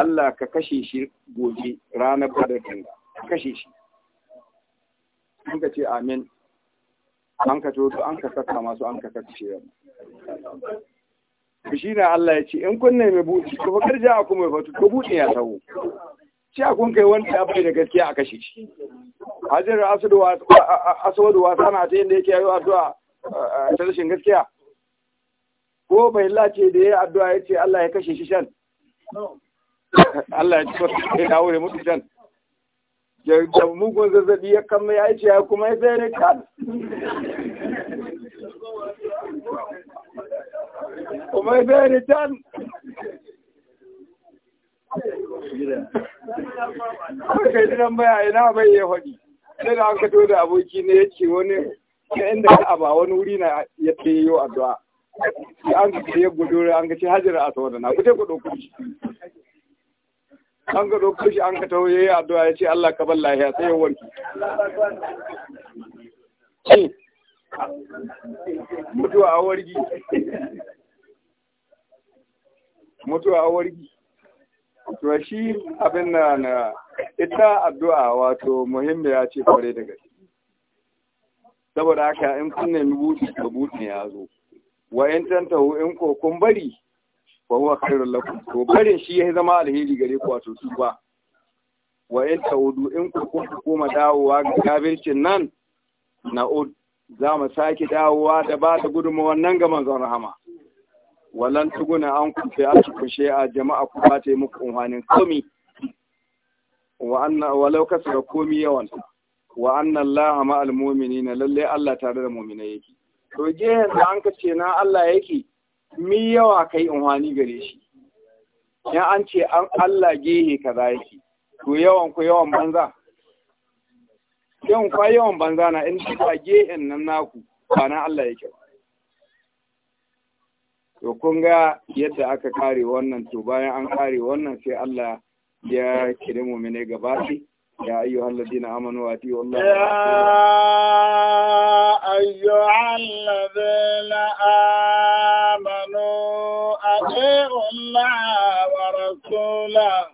Allah ka kashe shi gobe ranar badar dinga ka kashe shi an ka ce amin an ka toto an ka saka masu an ka saka shi yau shi na Allah ya ce in kun mai buɗe? ko fa karja aku mai fatu ko buɗe ya tawo Ci a kun kai wanda ya bai da gaskiya a kashe shi hajar Asuwadu wa sana ta yadda yake yi addu'a eh, a gaskiya ko bai lace da ya addu'a ya ce Allah ya kashe shi shan Allah ya ci masa ya dawo da mutu can da mugun zazzabi ya kama ya ce ya kuma ya sai ne kan kuma ya sai ne can Aka yi nan baya ina bai ya faɗi. Sai da an to da aboki ne ya ce wani ta inda ka aba wani wuri na ya ce yi addu'a. An ka ce ya gudu an ka ce hajjira a sau da na kuje ku ɗauko an ga ɗauko shi an ka taho ya yi addu'a ya ce Allah ka bar lahiya sai ya warke mutuwa a wargi mutuwa a wargi to shi abin na na ita addu'a wato ya ce kware da shi saboda haka in kun nemi buɗi da buɗi ya zo wa in tantahu in ko kun bari wa huwa khairul lakum to bare shi ya zama alheri gare ku wato ba. wa in taudu in ku kuma koma dawowa ga kafircin nan na'ud za mu sake dawowa da ba da gudunmu wannan ga manzon rahama walan tuguna an kufe a cikin a jama'a ku ba ta yi muku komi wa anna walau komi yawan wa anna allaha ma'al mu'minina lalle Allah tare da mu'minai yake to gehen da an kace na Allah yake mi yawa kai unhwani gare shi ya an ce an Allah gehe kaza yake to yawan ku yawan banza yawan kwa yawan banza na in ba gehen nan naku ba na Allah yake to kun ga yadda aka kare wannan to bayan an kare wannan sai Allah ya kire mu mene gaba يا أيها الذين آمنوا أتيوا الله يا أيها الذين آمنوا الله ورسوله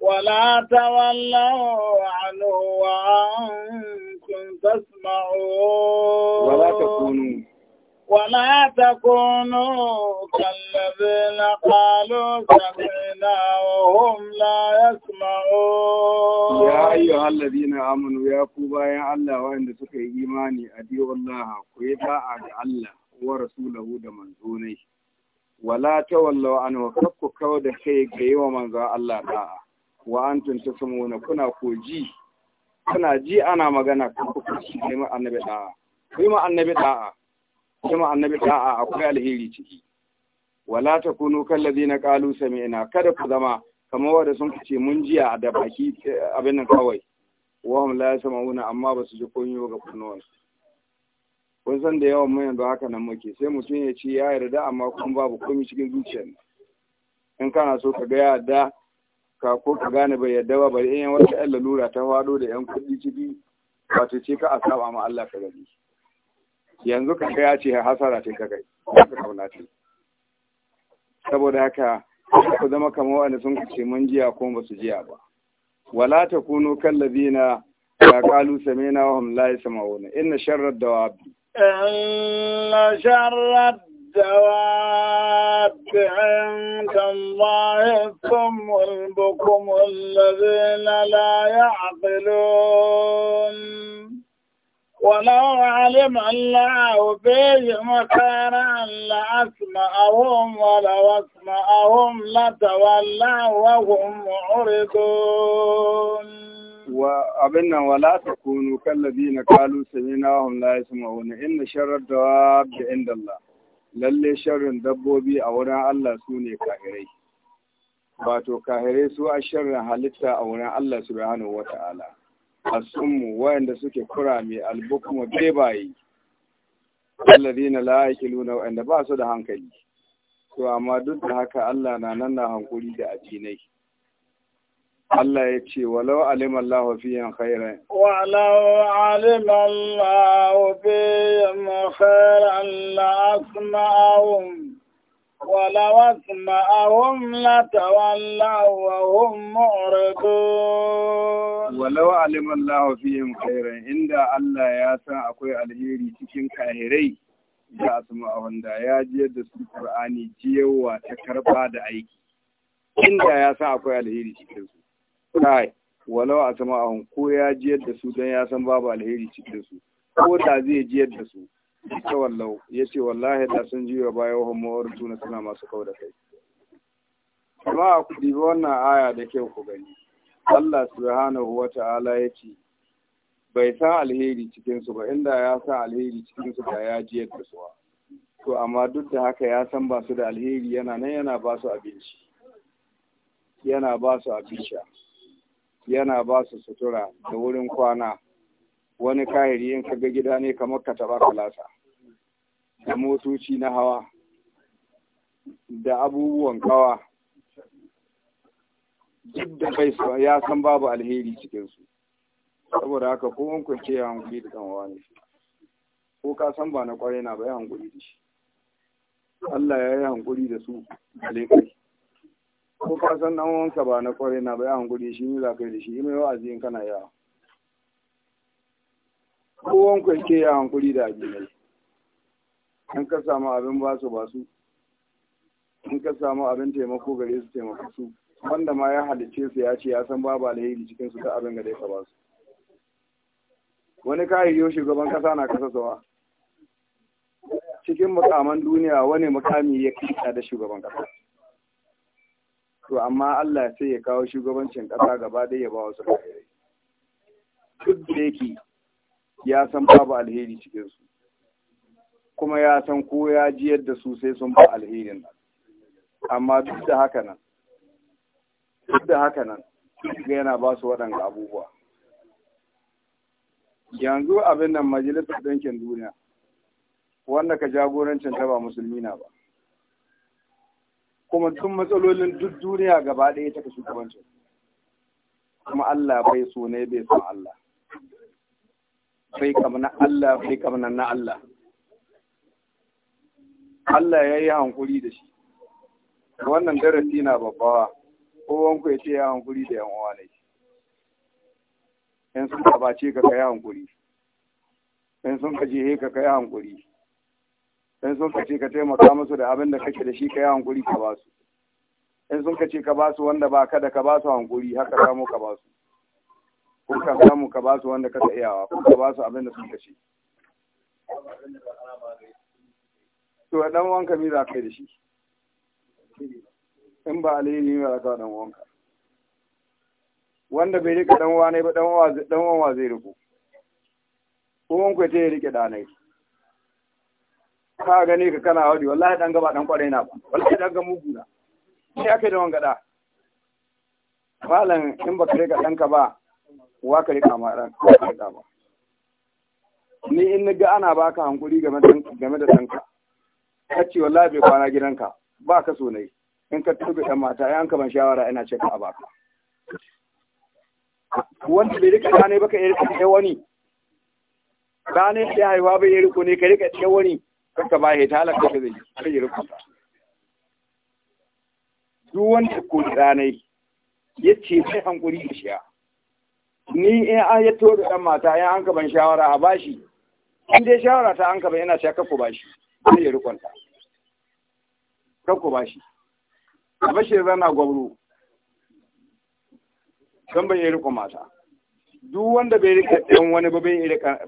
ولا تولوا عنه وعنكم تسمعون ولا تكونوا ولا تكونوا كالذين قالوا سمعنا وهم لا يسمعون يا أيها الذين آمنوا يا كوبا يا الله وإن سكي إيماني أديو الله كويتا على الله ورسوله دمنزوني wala ta an wa ku kawo da kai ga wa manzo Allah da wa antum tasmuna kuna ko ji kuna ji ana magana kakku kai mu annabi da kai ma annabi da kai ma annabi da'a akwai alheri ciki wala ta takunu kallazina qalu sami'na kada ku zama kamar wanda sun ce mun jiya da baki eh, abin nan kawai hum la yasma'una amma basu ji kunyo ga kunnuwansu kun san da yawan mayan da haka nan muke sai mutum ya ce ya yarda amma kuma babu komai cikin zuciyar in kana so ka ga yarda ka ko ka gane bai yarda ba bari in wata yan lalura ta fado da yan kuɗi ciki wato ce ka asaba ma Allah ka gani yanzu ka ga ya ce hasara ce ka kai ka kauna saboda haka ku zama kamar wani sun kace mun jiya ko ba su jiya ba wala takunu kallazina ya qalu sami'na wa hum la yasma'una inna sharra dawabi إن شر الدواب عند الله الصم البكم الذين لا يعقلون ولو علم الله فيهم خيرا لأسمعهم ولو أسمعهم لتولوا وهم معرضون abin nan wala ta kunu kallabi na kalu samina wa hum la yasma'una inna sharrad dawab inda Allah lalle sharrin dabbobi a wurin Allah su ne kahirai wato kahirai su a sharrin halitta a wurin Allah subhanahu wa ta'ala asummu wayanda suke kurame albukuma bebaye a la luna wayanda ba su da hankali to amma duk da haka Allah na nan na da addinai Allah ya ce walau alim Allah fiyan khairan walau alim Allah fiyan khairan la asma'ahum walau asma'ahum la tawallaw wa hum walau alim Allah fiyan khairan inda Allah ya san akwai alheri cikin kahirai da asma'ahum da ya ji da su Qur'ani jiyawa ta karba da aiki inda ya san akwai alheri cikin su kai walau a sama a ko ya ji yadda su don ya san babu alheri cikin su ko da zai ji yadda su ita wallau ya ce wallahi da sun jiwa bayan homo tuna suna masu kau da kai amma kudi ba wannan aya da kyau ku gani Allah subhanahu wa ta'ala ya ce bai sa alheri cikin su ba inda ya san alheri cikin su da ya ji yadda su to amma duk da haka ya san ba su da alheri yana nan yana ba su abinci yana ba su abin yana ba su sutura da wurin kwana wani kahiri yin kaga gida ne kamar ka taba kalasa da motoci na hawa da abubuwan kawa duk da bai ya san babu alheri cikinsu saboda haka ko an ya hankuli da kanwa ne ko ka san ba na kwarai na bai hankuli da shi Allah ya yi hankuli da su alaikai ko ka san dan wanka ba na kwarai na bai hankuri shi ne zakai da shi mai azi in kana yawa ko wanka ke ya hankuri da abinai in ka samu abin ba su ba su in ka samu abin taimako gare su taimako su wanda ma ya halicce su ya ce ya san babu alheri cikin su ta abin da ya ba su wani kayayyo shugaban kasa na kasa sawa cikin mukaman duniya wani mukami ya kika da shugaban kasa to amma Allah sai ya kawo shugabancin ƙasa gaba da ya ba wasu kafirai duk da yake ya san babu alheri cikin su kuma ya san ko ya ji yadda su sai sun ba alherin nan amma duk da haka nan duk da haka nan ga yana ba su waɗanda abubuwa yanzu abin nan majalisar ɗinkin duniya wanda ka jagorancin ta ba musulmi na ba kuma duk matsalolin duk duniya gaba ɗaya ta kashi kubancin kuma Allah bai so ne bai son Allah bai kamna Allah bai kamna na Allah Allah ya yi hankuri da shi wannan darasi na babbawa kowanku ya ce ya hankuri da yan uwa ne in sun bace ka kai hankuri in sun ka je ka kai hankuri in sun ce ka taimaka musu da abin da kake da shi ka yi hankuri ka ba su in sun ce ka ba su wanda ba ka da ka ba su hankuri haka samu ka ba su ko ka samu ka ba su wanda ka iyawa ko ka ba su abin da sun ce to dan wanka mi za ka yi da shi in ba alayi ne ba za ka dan wanka wanda bai rika dan wane ne ba dan uwa zai riko ko wanka ya rike danai ka gane ka kana wadi wallahi dan gaba dan kwarai na ba wallahi dan ga mugu na sai akai da wangada malam in ba ka rika danka ba wa ka ma ran ka ba ni in ni ga ana baka hankuri game da game da danka kace wallahi bai kwana gidanka ba ka so nayi in ka tuba dan mata ai an ka ban shawara ina ce ka baka wanda bai rika gane baka irin wani ranar sai haihuwa bai yi riko ne ka rika ɗaya wani kanka ba ya ta halaka ka zai sai ya rubuta duk wanda ko ranai ya ce sai hankuri da shiya ni in an ya to da ɗan mata ya an ban shawara a bashi in dai shawara ta an ka ban yana cewa kakku bashi sai ya rukunta ba shi a bashi zana gwabro don bai rikon mata duk wanda bai rika ɗan wani ba bai rika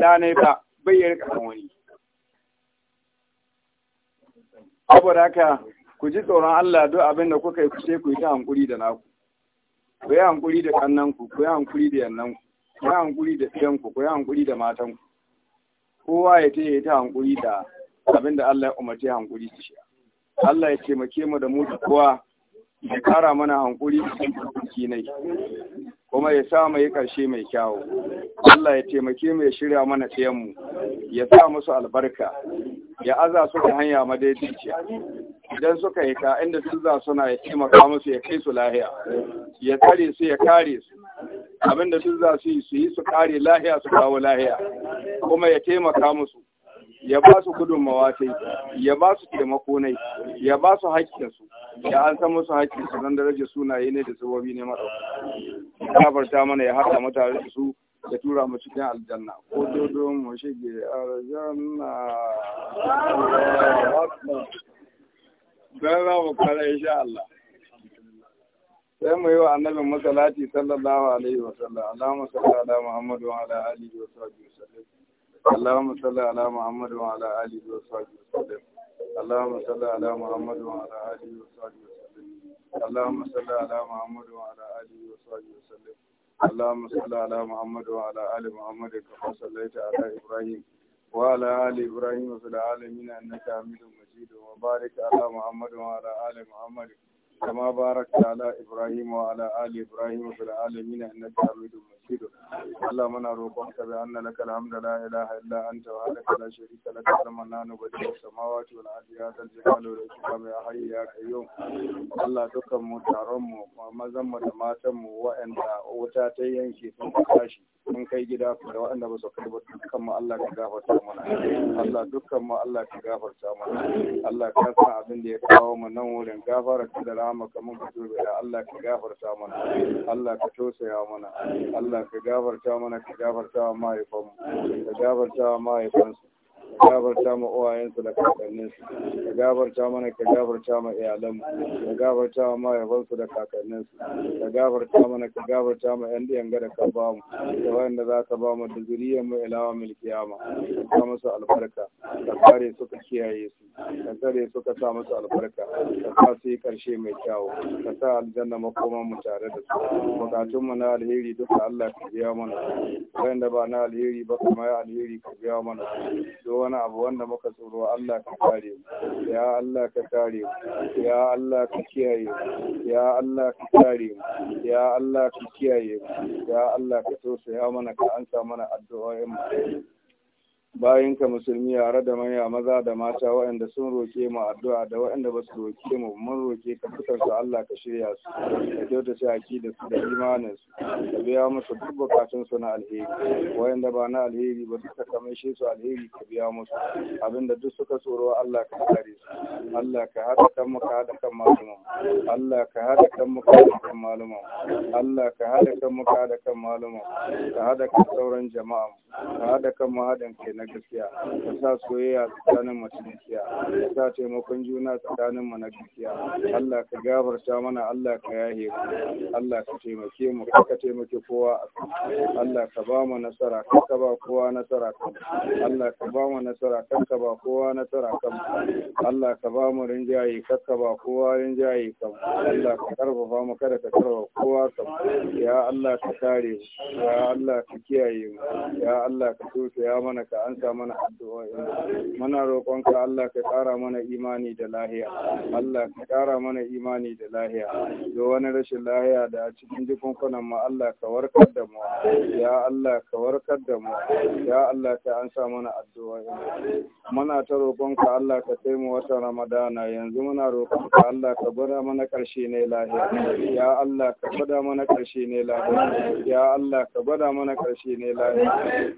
ɗane ba bai rika ɗan wani saboda haka ku ji tsoron Allah duk abin da kuka yi ku sai ku yi ta hankuri da naku ku yi hankuri da kannanku ku yi hankuri da yannanku ku yi hankuri da ɗiyanku ku yi hankuri da matanku kowa ya ya yi ta hankuri da abin da Allah ya umarce hankuri su shi Allah ya taimake mu da mu da kowa ya kara mana hankuri da kinai kuma ya sa mai ƙarshe mai kyawu Allah ya taimake mu ya shirya mana mu ya sa musu albarka ya aza su da hanya madaidaiciya idan suka yi ka inda sun za suna ya taimaka musu ya kai su lahiya ya tare su ya kare su abin da sun za su yi su yi su kare lahiya su kawo lahiya kuma ya taimaka musu ya ba su gudunmawa sai ya ba su taimako nai ya ba su haƙƙinsu ya an san musu haƙƙi su don rage sunaye ne da sababi ne Ya farta mana ya haɗa mutane da su ya tura mu cikin aljanna ko dodo mu shige aljanna don za mu kare insha sai mu yi wa annabin masalati sallallahu alaihi wa sallam Allahumma salli ala wa ala alihi wa sallam Allahumma salli ala wa ala alihi wa sallam اللهم صل على محمد وعلى آله وصحبه وسلم اللهم صل على محمد وعلى آله وصحبه وسلم اللهم صل على محمد وعلى آل محمد كما صليت على إبراهيم وعلى آل إبراهيم في العالمين أنك حميد مجيد وبارك على محمد وعلى آل محمد كما باركت على إبراهيم وعلى آل إبراهيم في العالمين إنك حميد مجيد اللهم أنا روحك بأن لك الحمد لا إله إلا أنت وحدك لا شريك لك المنان بديع السماوات والأرض يا ذا الجلال والإكرام يا حي يا قيوم الله دكم متعرم ومزم متماتم وأنت وتاتين كي تنكاشي mun kai gida da waɗanda ba su kai ba dukkan mu Allah ka gafarta mana Allah dukkan mu Allah ka gafarta mana Allah ka san abin da ya kawo mu nan wurin gafara da rahamaka mun ka tuba Allah ka gafarta mana Allah ka tausaya mana Allah ka gafarta mana ka gafarta wa mahaifanmu ka gafarta wa mahaifansu ka gafarta ma uwayensu da kakanninsu ka gabarta mana ka gabarta ma iyalanmu ka gabarta ma mahaifansu da kakanninsu ka gabarta mana ka gabarta ma yan diyan da ka ba mu da wanda za ka ba mu da zuriyar mu ilawa milkiyama ka sa musu albarka ka kare su ka kiyaye su ka tsare su ka sa musu albarka ka sa su yi karshe mai kyawu ka sa aljanna makoman mu tare da su bukatun mu na alheri duka Allah ka biya mana wanda ba na alheri ba kuma ya alheri ka biya mana wani abu wanda muka tsoro Allah ka kare mu ya Allah ka kare mu ya Allah ka kiyaye mu ya Allah ka kare mu ya Allah ka kiyaye mu ya Allah ka tausaya mana ka ansa mana addu'o'in mu bayan ka musulmi yare da manya maza da mata waɗanda sun roke mu addu'a da waɗanda ba su roƙe mu mun roke ka fitar su Allah ka shirya su ka kyauta shi aki da su da imanin su ka biya musu duk bukatun su na alheri waɗanda ba na alheri ba duka ka maishe su alheri ka biya musu abinda duk suka tsoro Allah ka kare su Allah ka haɗa kan mu ka haɗa kan malumin Allah ka haɗa kan mu ka haɗa kan malumin Allah ka haɗa kan mu ka haɗa kan malumin ka haɗa kan sauran jama'a ka haɗa kan mu haɗin kai na gaskiya ka sa soyayya tsakanin mu ta gaskiya ka sa taimakon juna tsakanin mu na gaskiya Allah ka gafarta mana Allah ka yahe mu Allah ka taimake mu ka taimake kowa Allah ka ba mu nasara ka ba kowa nasara Allah ka ba mu nasara ka ba kowa nasara kan Allah ka ba mu rinjaye ka ba kowa rinjaye kan Allah ka karfafa mu kada ka karfafa kowa kan ya Allah ka kare ya Allah ka kiyaye mu ya Allah ka tofe ya mana ka ansa mana addu'o'in muna roƙonka Allah ka ƙara mana imani da lahiya Allah ka ƙara mana imani da lahiya do wani rashin lahiya da a cikin jikunkunan mu Allah ka warkar da mu ya Allah ka warkar da mu ya Allah ka ansa mana addu'o'in muna ta roƙonka Allah ka kai mu watan Ramadana yanzu muna roƙonka Allah ka gwada mana ƙarshe ne lahiya ya Allah ka gwada mana ƙarshe ne lahiya ya Allah ka gwada mana ƙarshe ne lahiya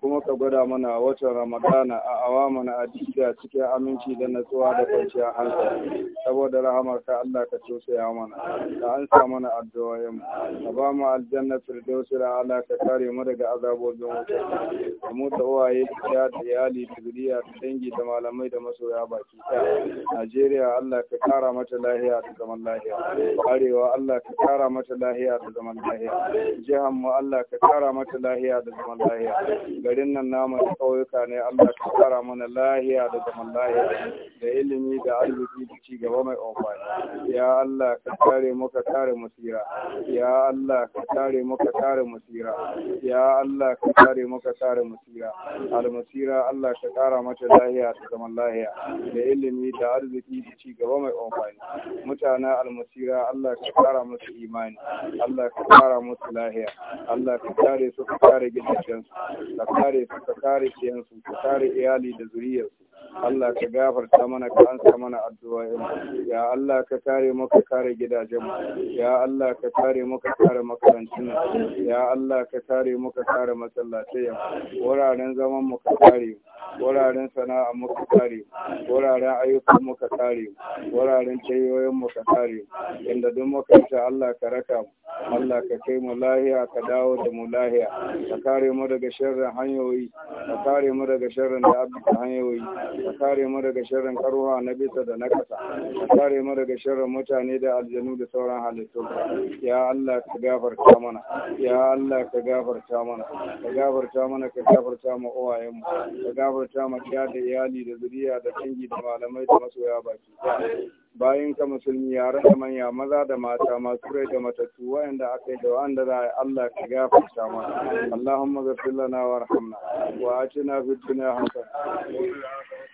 kuma ka gwada mana watan ramadana a awama na adida cikin aminci da natsuwa da kwanciyar hankali saboda rahamarka Allah ka ya mana ka ansa mana addu'o'in ka ba mu aljanna firdausi da Allah ka kare mu daga azabobin wuta ka mu da uwaye da da iyali da zuriya da dangi da malamai da masoya baki ɗaya Najeriya Allah ka kara mata lahiya da zaman lahiya arewa Allah ka kara mata lahiya da zaman lahiya jihar mu Allah ka kara mata lahiya da zaman lahiya garin nan namu da ƙauyuka ne Allah ka kara mana lahiya da zaman lahiya da ilimi da arziki da ci gaba mai amfani ya Allah ka kare mu ka kare mu tsira ya Allah ka kare mu ka kare mu tsira ya Allah ka kare mu ka kare mu tsira almasira Allah ka kara mata lahiya da zaman lahiya da ilimi da arziki da ci gaba mai amfani mutanen almasira Allah ka kara musu imani Allah ka kara musu lahiya Allah ka kare su ka kare gidajensu kare su kare su, ka kare iyali da zuriyarsu Allah ka gafarta mana ka ansa mana addu'a ya Allah ka kare mu ka kare gidajen mu ya Allah ka kare mu ka kare makarantun mu ya Allah ka kare mu ka kare masallatai wuraren zaman mu ka kare wuraren sana'a mu ka kare wuraren ayyukan mu ka kare wuraren tayoyin mu ka kare inda duk muka yi Allah ka raka mu Allah ka kai mu lahiya ka dawo da mu lahiya ka kare mu daga sharrin hanyoyi ka kare mu daga sharrin da abin hanyoyi ka kare mu daga sharrin karuwa na bisa da na kasa ka kare mu daga sharrin mutane da aljanu da sauran halittu ya Allah ka gafarta mana ya Allah ka gafarta mana ka gafarta mana ka gafarta mu uwayen mu ka gafarta mu da iyali da zuriya da dangi da malamai da masoya baki bayan ka musulmi yare da manya maza da mata masu rai da matattu wa'anda aka yi da wa'anda za a yi Allah ka gafarta mana Allahumma ghfir lana warhamna wa atina fid dunya hasana